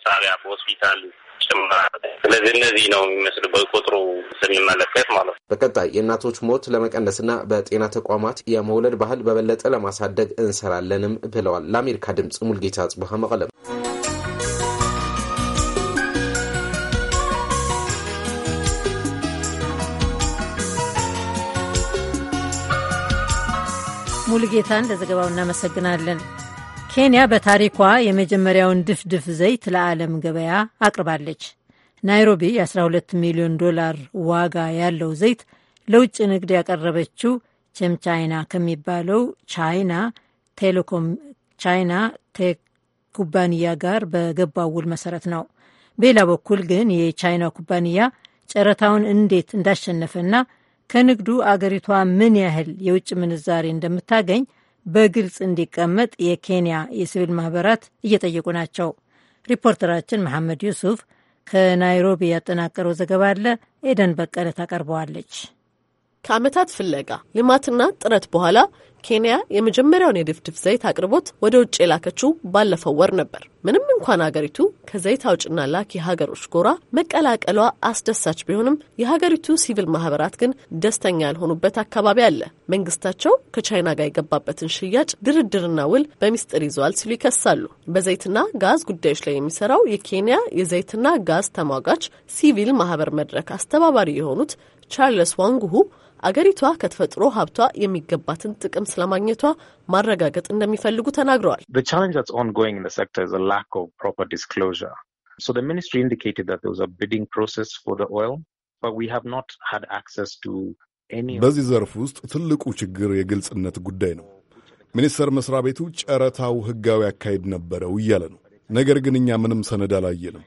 ሳቢያ በሆስፒታል ጭምር። ስለዚህ እነዚህ ነው የሚመስሉ በቁጥሩ ስንመለከት ማለት ነው። በቀጣይ የእናቶች ሞት ለመቀነስና በጤና ተቋማት የመውለድ ባህል በበለጠ ለማሳደግ እንሰራለንም ብለዋል። ለአሜሪካ ድምፅ ሙልጌታ ጽቡሃ መቀለም ሙልጌታን ለዘገባው እናመሰግናለን። ኬንያ በታሪኳ የመጀመሪያውን ድፍድፍ ዘይት ለዓለም ገበያ አቅርባለች። ናይሮቢ የ12 ሚሊዮን ዶላር ዋጋ ያለው ዘይት ለውጭ ንግድ ያቀረበችው ቻይና ከሚባለው ቻይና ቴሌኮም ቻይና ቴክ ኩባንያ ጋር በገባው ውል መሰረት ነው። በሌላ በኩል ግን የቻይና ኩባንያ ጨረታውን እንዴት እንዳሸነፈና ከንግዱ አገሪቷ ምን ያህል የውጭ ምንዛሬ እንደምታገኝ በግልጽ እንዲቀመጥ የኬንያ የሲቪል ማህበራት እየጠየቁ ናቸው። ሪፖርተራችን መሐመድ ዩሱፍ ከናይሮቢ ያጠናቀረው ዘገባ አለ። ኤደን በቀለ ታቀርበዋለች። ከዓመታት ፍለጋ ልማትና ጥረት በኋላ ኬንያ የመጀመሪያውን የድፍድፍ ዘይት አቅርቦት ወደ ውጭ የላከችው ባለፈው ወር ነበር። ምንም እንኳን ሀገሪቱ ከዘይት አውጭና ላኪ ሀገሮች ጎራ መቀላቀሏ አስደሳች ቢሆንም የሀገሪቱ ሲቪል ማህበራት ግን ደስተኛ ያልሆኑበት አካባቢ አለ። መንግስታቸው ከቻይና ጋር የገባበትን ሽያጭ ድርድርና ውል በሚስጥር ይዘዋል ሲሉ ይከሳሉ። በዘይትና ጋዝ ጉዳዮች ላይ የሚሰራው የኬንያ የዘይትና ጋዝ ተሟጋች ሲቪል ማህበር መድረክ አስተባባሪ የሆኑት ቻርለስ ዋንጉሁ አገሪቷ ከተፈጥሮ ሀብቷ የሚገባትን ጥቅም ስለማግኘቷ ማረጋገጥ እንደሚፈልጉ ተናግረዋል። በዚህ ዘርፍ ውስጥ ትልቁ ችግር የግልጽነት ጉዳይ ነው። ሚኒስቴር መስሪያ ቤቱ ጨረታው ሕጋዊ አካሄድ ነበረው እያለ ነው። ነገር ግን እኛ ምንም ሰነድ አላየንም።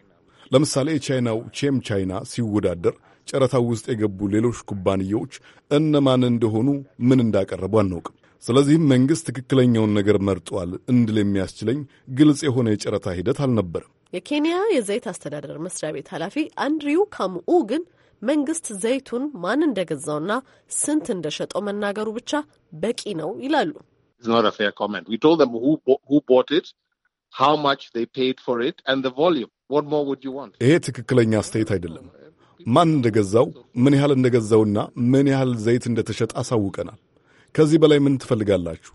ለምሳሌ የቻይናው ቼም ቻይና ሲወዳደር ጨረታው ውስጥ የገቡ ሌሎች ኩባንያዎች እነማን እንደሆኑ ምን እንዳቀረቡ አናውቅም። ስለዚህም መንግሥት ትክክለኛውን ነገር መርጧል እንድል የሚያስችለኝ ግልጽ የሆነ የጨረታ ሂደት አልነበርም። የኬንያ የዘይት አስተዳደር መስሪያ ቤት ኃላፊ አንድሪው ካሙኡ ግን መንግስት ዘይቱን ማን እንደገዛውና ስንት እንደሸጠው መናገሩ ብቻ በቂ ነው ይላሉ። ይሄ ትክክለኛ አስተያየት አይደለም። ማን እንደገዛው ምን ያህል እንደገዛውና ምን ያህል ዘይት እንደተሸጠ አሳውቀናል። ከዚህ በላይ ምን ትፈልጋላችሁ?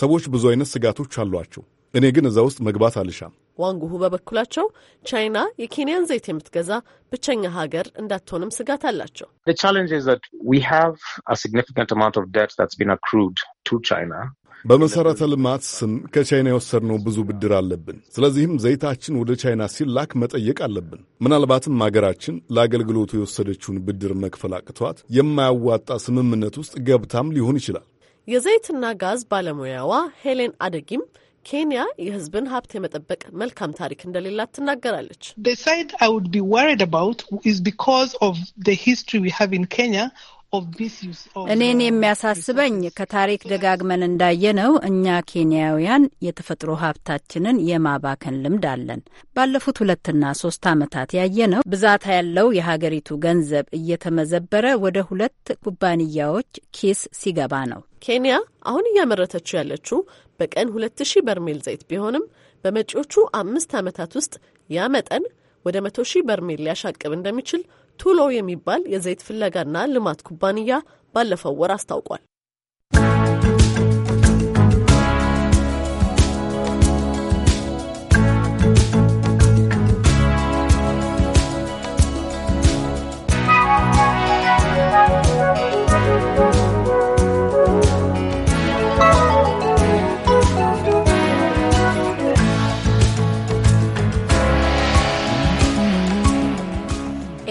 ሰዎች ብዙ አይነት ስጋቶች አሏቸው። እኔ ግን እዛ ውስጥ መግባት አልሻም። ዋንጉሁ በበኩላቸው ቻይና የኬንያን ዘይት የምትገዛ ብቸኛ ሀገር እንዳትሆንም ስጋት አላቸው። በመሠረተ ልማት ስም ከቻይና የወሰድነው ብዙ ብድር አለብን። ስለዚህም ዘይታችን ወደ ቻይና ሲላክ መጠየቅ አለብን። ምናልባትም አገራችን ለአገልግሎቱ የወሰደችውን ብድር መክፈል አቅቷት የማያዋጣ ስምምነት ውስጥ ገብታም ሊሆን ይችላል። የዘይትና ጋዝ ባለሙያዋ ሄሌን አደጊም ኬንያ የሕዝብን ሀብት የመጠበቅ መልካም ታሪክ እንደሌላት ትናገራለች። እኔን የሚያሳስበኝ ከታሪክ ደጋግመን እንዳየነው እኛ ኬንያውያን የተፈጥሮ ሀብታችንን የማባከን ልምድ አለን። ባለፉት ሁለትና ሶስት ዓመታት ያየነው ብዛት ያለው የሀገሪቱ ገንዘብ እየተመዘበረ ወደ ሁለት ኩባንያዎች ኪስ ሲገባ ነው። ኬንያ አሁን እያመረተችው ያለችው በቀን ሁለት ሺህ በርሜል ዘይት ቢሆንም በመጪዎቹ አምስት ዓመታት ውስጥ ያ መጠን ወደ መቶ ሺህ በርሜል ሊያሻቅብ እንደሚችል ቱሎ የሚባል የዘይት ፍለጋና ልማት ኩባንያ ባለፈው ወር አስታውቋል።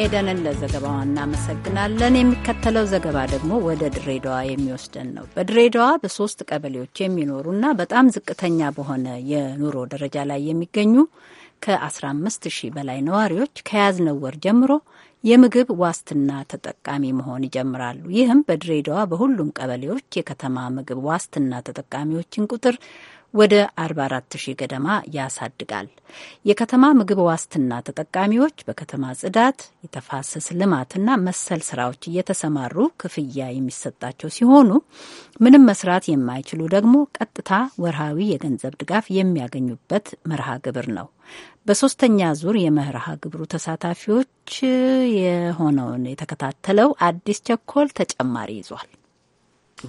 ኤደንን ለዘገባዋ እናመሰግናለን። የሚከተለው ዘገባ ደግሞ ወደ ድሬዳዋ የሚወስደን ነው። በድሬዳዋ በሶስት ቀበሌዎች የሚኖሩና በጣም ዝቅተኛ በሆነ የኑሮ ደረጃ ላይ የሚገኙ ከ15 ሺህ በላይ ነዋሪዎች ከያዝነው ወር ጀምሮ የምግብ ዋስትና ተጠቃሚ መሆን ይጀምራሉ። ይህም በድሬዳዋ በሁሉም ቀበሌዎች የከተማ ምግብ ዋስትና ተጠቃሚዎችን ቁጥር ወደ 44 ሺህ ገደማ ያሳድጋል። የከተማ ምግብ ዋስትና ተጠቃሚዎች በከተማ ጽዳት፣ የተፋሰስ ልማትና መሰል ስራዎች እየተሰማሩ ክፍያ የሚሰጣቸው ሲሆኑ ምንም መስራት የማይችሉ ደግሞ ቀጥታ ወርሃዊ የገንዘብ ድጋፍ የሚያገኙበት መርሃ ግብር ነው። በሶስተኛ ዙር የመርሃ ግብሩ ተሳታፊዎች የሆነውን የተከታተለው አዲስ ቸኮል ተጨማሪ ይዟል።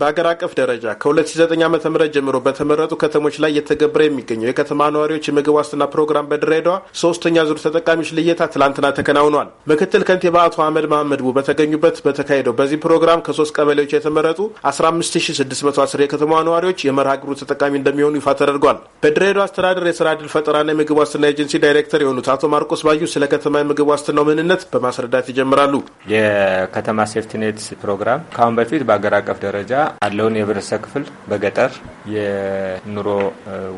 በሀገር አቀፍ ደረጃ ከ2009 ዓ ም ጀምሮ በተመረጡ ከተሞች ላይ እየተገበረ የሚገኘው የከተማ ነዋሪዎች የምግብ ዋስትና ፕሮግራም በድሬዳዋ ሶስተኛ ዙር ተጠቃሚዎች ልየታ ትላንትና ተከናውኗል። ምክትል ከንቲባ አቶ አህመድ መሐመድ ቡ በተገኙበት በተካሄደው በዚህ ፕሮግራም ከሶስት ቀበሌዎች የተመረጡ 15610 የከተማ ነዋሪዎች የመርሃ ግብሩ ተጠቃሚ እንደሚሆኑ ይፋ ተደርጓል። በድሬዳዋ አስተዳደር የስራ ዕድል ፈጠራና የምግብ ዋስትና ኤጀንሲ ዳይሬክተር የሆኑት አቶ ማርቆስ ባዩ ስለ ከተማ የምግብ ዋስትናው ምንነት በማስረዳት ይጀምራሉ። የከተማ ሴፍቲኔት ፕሮግራም ከአሁን በፊት በሀገር አቀፍ ደረጃ አለውን የህብረተሰብ ክፍል በገጠር የኑሮ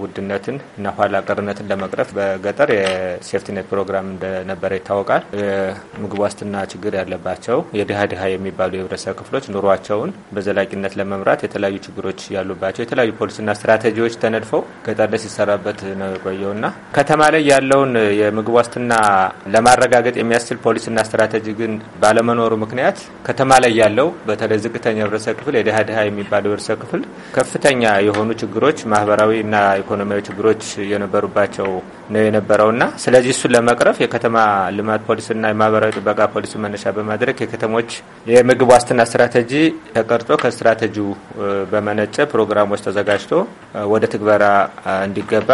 ውድነትን እና ኋላ ቀርነትን ለመቅረፍ በገጠር የሴፍቲኔት ፕሮግራም እንደነበረ ይታወቃል። የምግብ ዋስትና ችግር ያለባቸው የድሃ ድሃ የሚባሉ የህብረተሰብ ክፍሎች ኑሯቸውን በዘላቂነት ለመምራት የተለያዩ ችግሮች ያሉባቸው የተለያዩ ፖሊሲና ስትራቴጂዎች ተነድፈው ገጠር ላይ ሲሰራበት ነው የቆየውና ከተማ ላይ ያለውን የምግብ ዋስትና ለማረጋገጥ የሚያስችል ፖሊሲና ስትራቴጂ ግን ባለመኖሩ ምክንያት ከተማ ላይ ያለው በተለይ ዝቅተኛ ህብረተሰብ ክፍል የድሃ ድሃ የሚባለው የህብረተሰብ ክፍል ከፍተኛ የሆኑ ችግሮች፣ ማህበራዊ እና ኢኮኖሚያዊ ችግሮች የነበሩባቸው ነው የነበረው እና ስለዚህ እሱን ለመቅረፍ የከተማ ልማት ፖሊስና የማህበራዊ ጥበቃ ፖሊስ መነሻ በማድረግ የከተሞች የምግብ ዋስትና ስትራቴጂ ተቀርጾ ከስትራቴጂው በመነጨ ፕሮግራሞች ተዘጋጅቶ ወደ ትግበራ እንዲገባ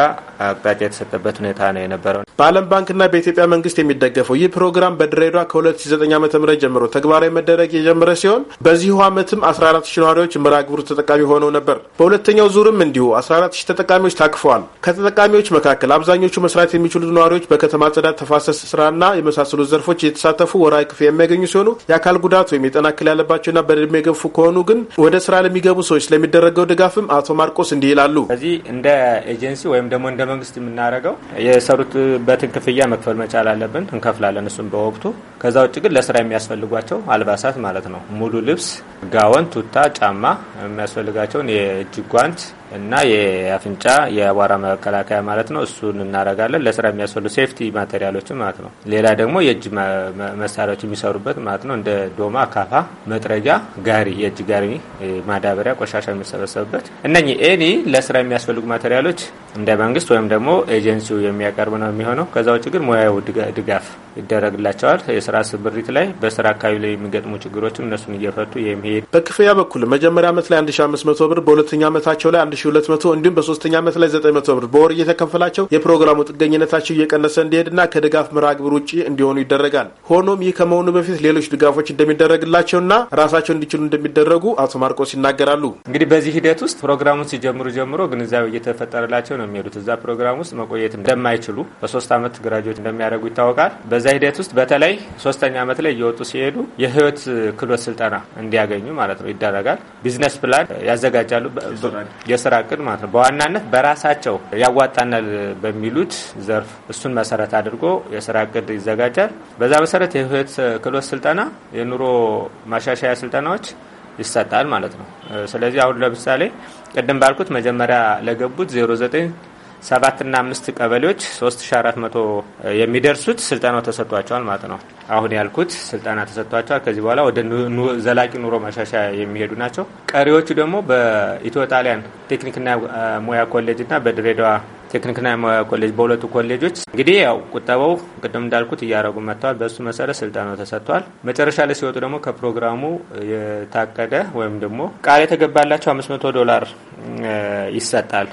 አቅጣጫ የተሰጠበት ሁኔታ ነው የነበረው። በዓለም ባንክና በኢትዮጵያ መንግስት የሚደገፈው ይህ ፕሮግራም በድሬዷ ከ2009 ዓ ም ጀምሮ ተግባራዊ መደረግ የጀመረ ሲሆን በዚሁ ዓመትም 14 ሺ ነዋሪዎች መርሃ ግብሩ ተጠቃሚ ሆነው ነበር። በሁለተኛው ዙርም እንዲሁ 14 ተጠቃሚዎች ታቅፈዋል። ከተጠቃሚዎች መካከል አብዛኞቹ መስራት የሚችሉ ነዋሪዎች በከተማ ጽዳት፣ ተፋሰስ ስራና የመሳሰሉት ዘርፎች እየተሳተፉ ወራዊ ክፍያ የሚያገኙ ሲሆኑ የአካል ጉዳት ወይም የጤና እክል ያለባቸውና በእድሜ የገፉ ከሆኑ ግን ወደ ስራ ለሚገቡ ሰዎች ስለሚደረገው ድጋፍም አቶ ማርቆስ እንዲህ ይላሉ። ከዚህ እንደ ኤጀንሲ ወይም ደግሞ እንደ መንግስት የምናደርገው የሰሩትበትን ክፍያ መክፈል መቻል አለብን። እንከፍላለን፣ እሱም በወቅቱ ከዛ ውጭ ግን ለስራ የሚያስፈልጓቸው አልባሳት ማለት ነው ሙሉ ልብስ፣ ጋወን፣ ቱታ፣ ጫማ የሚያስፈልጋቸውን የእጅ ጓንት እና የአፍንጫ የአቧራ መከላከያ ማለት ነው። እሱን እናደርጋለን ለስራ የሚያስፈልጉ ሴፍቲ ማቴሪያሎችን ማለት ነው። ሌላ ደግሞ የእጅ መሳሪያዎች የሚሰሩበት ማለት ነው። እንደ ዶማ፣ አካፋ፣ መጥረጊያ፣ ጋሪ፣ የእጅ ጋሪ፣ ማዳበሪያ፣ ቆሻሻ የሚሰበሰብበት እነኚህ ኤኒ ለስራ የሚያስፈልጉ ማቴሪያሎች እንደ መንግስት ወይም ደግሞ ኤጀንሲው የሚያቀርብ ነው የሚሆነው። ከዛ ውጭ ግን ሙያዊ ድጋፍ ይደረግላቸዋል። የስራ ስብሪት ላይ በስራ አካባቢ ላይ የሚገጥሙ ችግሮችም እነሱን እየፈቱ የሚሄድ በክፍያ በኩል መጀመሪያ ዓመት ላይ 1500 ብር በሁለተኛ ዓመታቸው ላይ እንዲሁም በሶስተኛ ዓመት ላይ 900 ብር በወር እየተከፈላቸው የፕሮግራሙ ጥገኝነታቸው እየቀነሰ እንዲሄድና ከድጋፍ መርሃ ግብር ውጭ እንዲሆኑ ይደረጋል። ሆኖም ይህ ከመሆኑ በፊት ሌሎች ድጋፎች እንደሚደረግላቸውና ራሳቸው እንዲችሉ እንደሚደረጉ አቶ ማርቆስ ይናገራሉ። እንግዲህ በዚህ ሂደት ውስጥ ፕሮግራሙን ሲጀምሩ ጀምሮ ግንዛቤ እየተፈጠረላቸው ነው የሚሄዱት። እዛ ፕሮግራም ውስጥ መቆየት እንደማይችሉ በሶስት ዓመት ግራጆች እንደሚያደርጉ ይታወቃል። በዛ ሂደት ውስጥ በተለይ ሶስተኛ ዓመት ላይ እየወጡ ሲሄዱ የህይወት ክህሎት ስልጠና እንዲያገኙ ማለት ነው ይደረጋል። ቢዝነስ ፕላን ያዘጋጃሉ። የስራ የስራ ማለት ነው። በዋናነት በራሳቸው ያዋጣናል በሚሉት ዘርፍ እሱን መሰረት አድርጎ የስራ እቅድ ይዘጋጃል። በዛ መሰረት የህይወት ክህሎት ስልጠና፣ የኑሮ ማሻሻያ ስልጠናዎች ይሰጣል ማለት ነው። ስለዚህ አሁን ለምሳሌ ቅድም ባልኩት መጀመሪያ ለገቡት 09 ሰባትና አምስት ቀበሌዎች 3400 የሚደርሱት ስልጠናው ተሰጥቷቸዋል ማለት ነው። አሁን ያልኩት ስልጠና ተሰጥቷቸዋል። ከዚህ በኋላ ወደ ዘላቂ ኑሮ ማሻሻያ የሚሄዱ ናቸው። ቀሪዎቹ ደግሞ በኢትዮ ጣሊያን ቴክኒክና ሙያ ኮሌጅና በድሬዳዋ ቴክኒክና ሙያ ኮሌጅ በሁለቱ ኮሌጆች እንግዲህ ያው ቁጠበው ቅድም እንዳልኩት እያደረጉ መጥተዋል። በእሱ መሰረት ስልጠናው ተሰጥቷል። መጨረሻ ላይ ሲወጡ ደግሞ ከፕሮግራሙ የታቀደ ወይም ደግሞ ቃል የተገባላቸው መቶ ዶላር ይሰጣል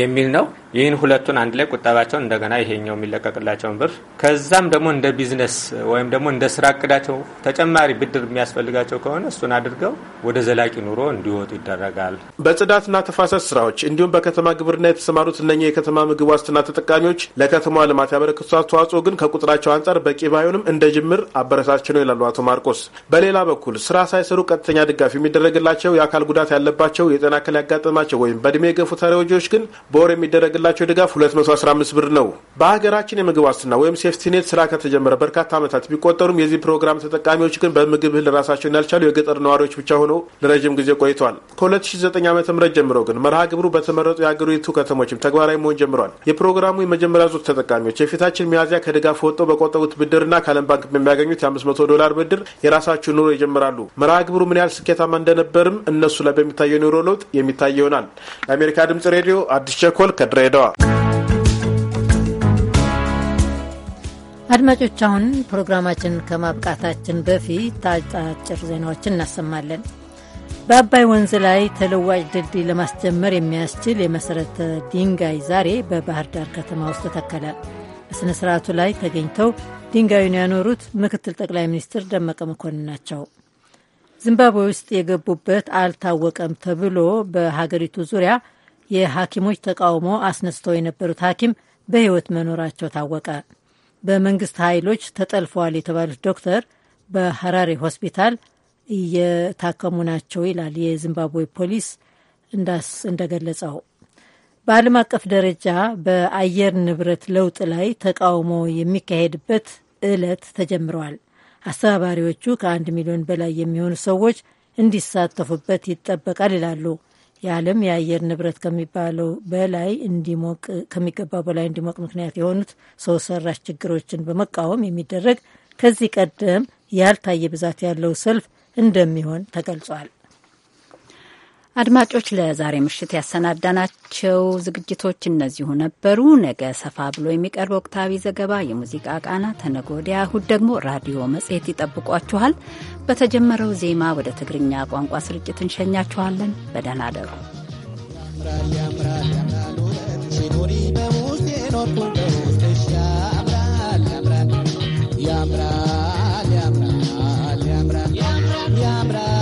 የሚል ነው። ይህን ሁለቱን አንድ ላይ ቁጠባቸውን እንደገና ይሄኛው የሚለቀቅላቸውን ብር ከዛም ደግሞ እንደ ቢዝነስ ወይም ደግሞ እንደ ስራ እቅዳቸው ተጨማሪ ብድር የሚያስፈልጋቸው ከሆነ እሱን አድርገው ወደ ዘላቂ ኑሮ እንዲወጡ ይደረጋል። በጽዳትና ተፋሰስ ስራዎች እንዲሁም በከተማ ግብርና የተሰማሩት እነኚህ የከተማ ምግብ ዋስትና ተጠቃሚዎች ለከተማ ልማት ያበረክቱ አስተዋጽኦ ግን ከቁጥራቸው አንጻር በቂ ባይሆንም እንደ ጅምር አበረታች ነው ይላሉ አቶ ማርቆስ። በሌላ በኩል ስራ ሳይሰሩ ቀጥተኛ ድጋፍ የሚደረግላቸው የአካል ጉዳት ያለባቸው፣ የጤና እክል ያጋጠማቸው ወይም በእድሜ የገፉ ተረጂዎች ግን በወር የሚደረግላ ያላቸው ድጋፍ 215 ብር ነው። በሀገራችን የምግብ ዋስትና ወይም ሴፍቲኔት ስራ ከተጀመረ በርካታ ዓመታት ቢቆጠሩም የዚህ ፕሮግራም ተጠቃሚዎች ግን በምግብ እህል ራሳቸውን ያልቻሉ የገጠር ነዋሪዎች ብቻ ሆነው ለረዥም ጊዜ ቆይተዋል። ከ2009 ዓ ም ጀምሮ ግን መርሃ ግብሩ በተመረጡ የአገሪቱ ከተሞችም ተግባራዊ መሆን ጀምሯል። የፕሮግራሙ የመጀመሪያ ዙር ተጠቃሚዎች የፊታችን ሚያዝያ ከድጋፍ ወጥተው በቆጠቡት ብድርና ከዓለም ባንክ በሚያገኙት የ500 ዶላር ብድር የራሳቸውን ኑሮ ይጀምራሉ። መርሃ ግብሩ ምን ያህል ስኬታማ እንደነበርም እነሱ ላይ በሚታየው ኑሮ ለውጥ የሚታይ ይሆናል። ለአሜሪካ ድምጽ ሬዲዮ አዲስ ቸኮል ከድሬዳዋ ድሬዳዋ። አድማጮች፣ አሁን ፕሮግራማችን ከማብቃታችን በፊት አጫጭር ዜናዎችን እናሰማለን። በአባይ ወንዝ ላይ ተለዋጭ ድልድይ ለማስጀመር የሚያስችል የመሠረተ ድንጋይ ዛሬ በባህር ዳር ከተማ ውስጥ ተተከለ። በሥነ ሥርዓቱ ላይ ተገኝተው ድንጋዩን ያኖሩት ምክትል ጠቅላይ ሚኒስትር ደመቀ መኮንን ናቸው። ዚምባብዌ ውስጥ የገቡበት አልታወቀም ተብሎ በሀገሪቱ ዙሪያ የሐኪሞች ተቃውሞ አስነስተው የነበሩት ሐኪም በሕይወት መኖራቸው ታወቀ። በመንግስት ኃይሎች ተጠልፈዋል የተባሉት ዶክተር በሐራሬ ሆስፒታል እየታከሙ ናቸው ይላል የዚምባብዌ ፖሊስ እንዳስ እንደገለጸው። በዓለም አቀፍ ደረጃ በአየር ንብረት ለውጥ ላይ ተቃውሞ የሚካሄድበት ዕለት ተጀምረዋል። አስተባባሪዎቹ ከአንድ ሚሊዮን በላይ የሚሆኑ ሰዎች እንዲሳተፉበት ይጠበቃል ይላሉ የዓለም የአየር ንብረት ከሚባለው በላይ እንዲሞቅ ከሚገባው በላይ እንዲሞቅ ምክንያት የሆኑት ሰው ሰራሽ ችግሮችን በመቃወም የሚደረግ ከዚህ ቀደም ያልታየ ብዛት ያለው ሰልፍ እንደሚሆን ተገልጿል። አድማጮች ለዛሬ ምሽት ያሰናዳናቸው ዝግጅቶች እነዚሁ ነበሩ። ነገ ሰፋ ብሎ የሚቀርብ ወቅታዊ ዘገባ፣ የሙዚቃ ቃና፣ ተነጎዲያ እሁድ ደግሞ ራዲዮ መጽሔት ይጠብቋችኋል። በተጀመረው ዜማ ወደ ትግርኛ ቋንቋ ስርጭት እንሸኛችኋለን። በደህና አደሩ። ያምራል ያምራል ያምራል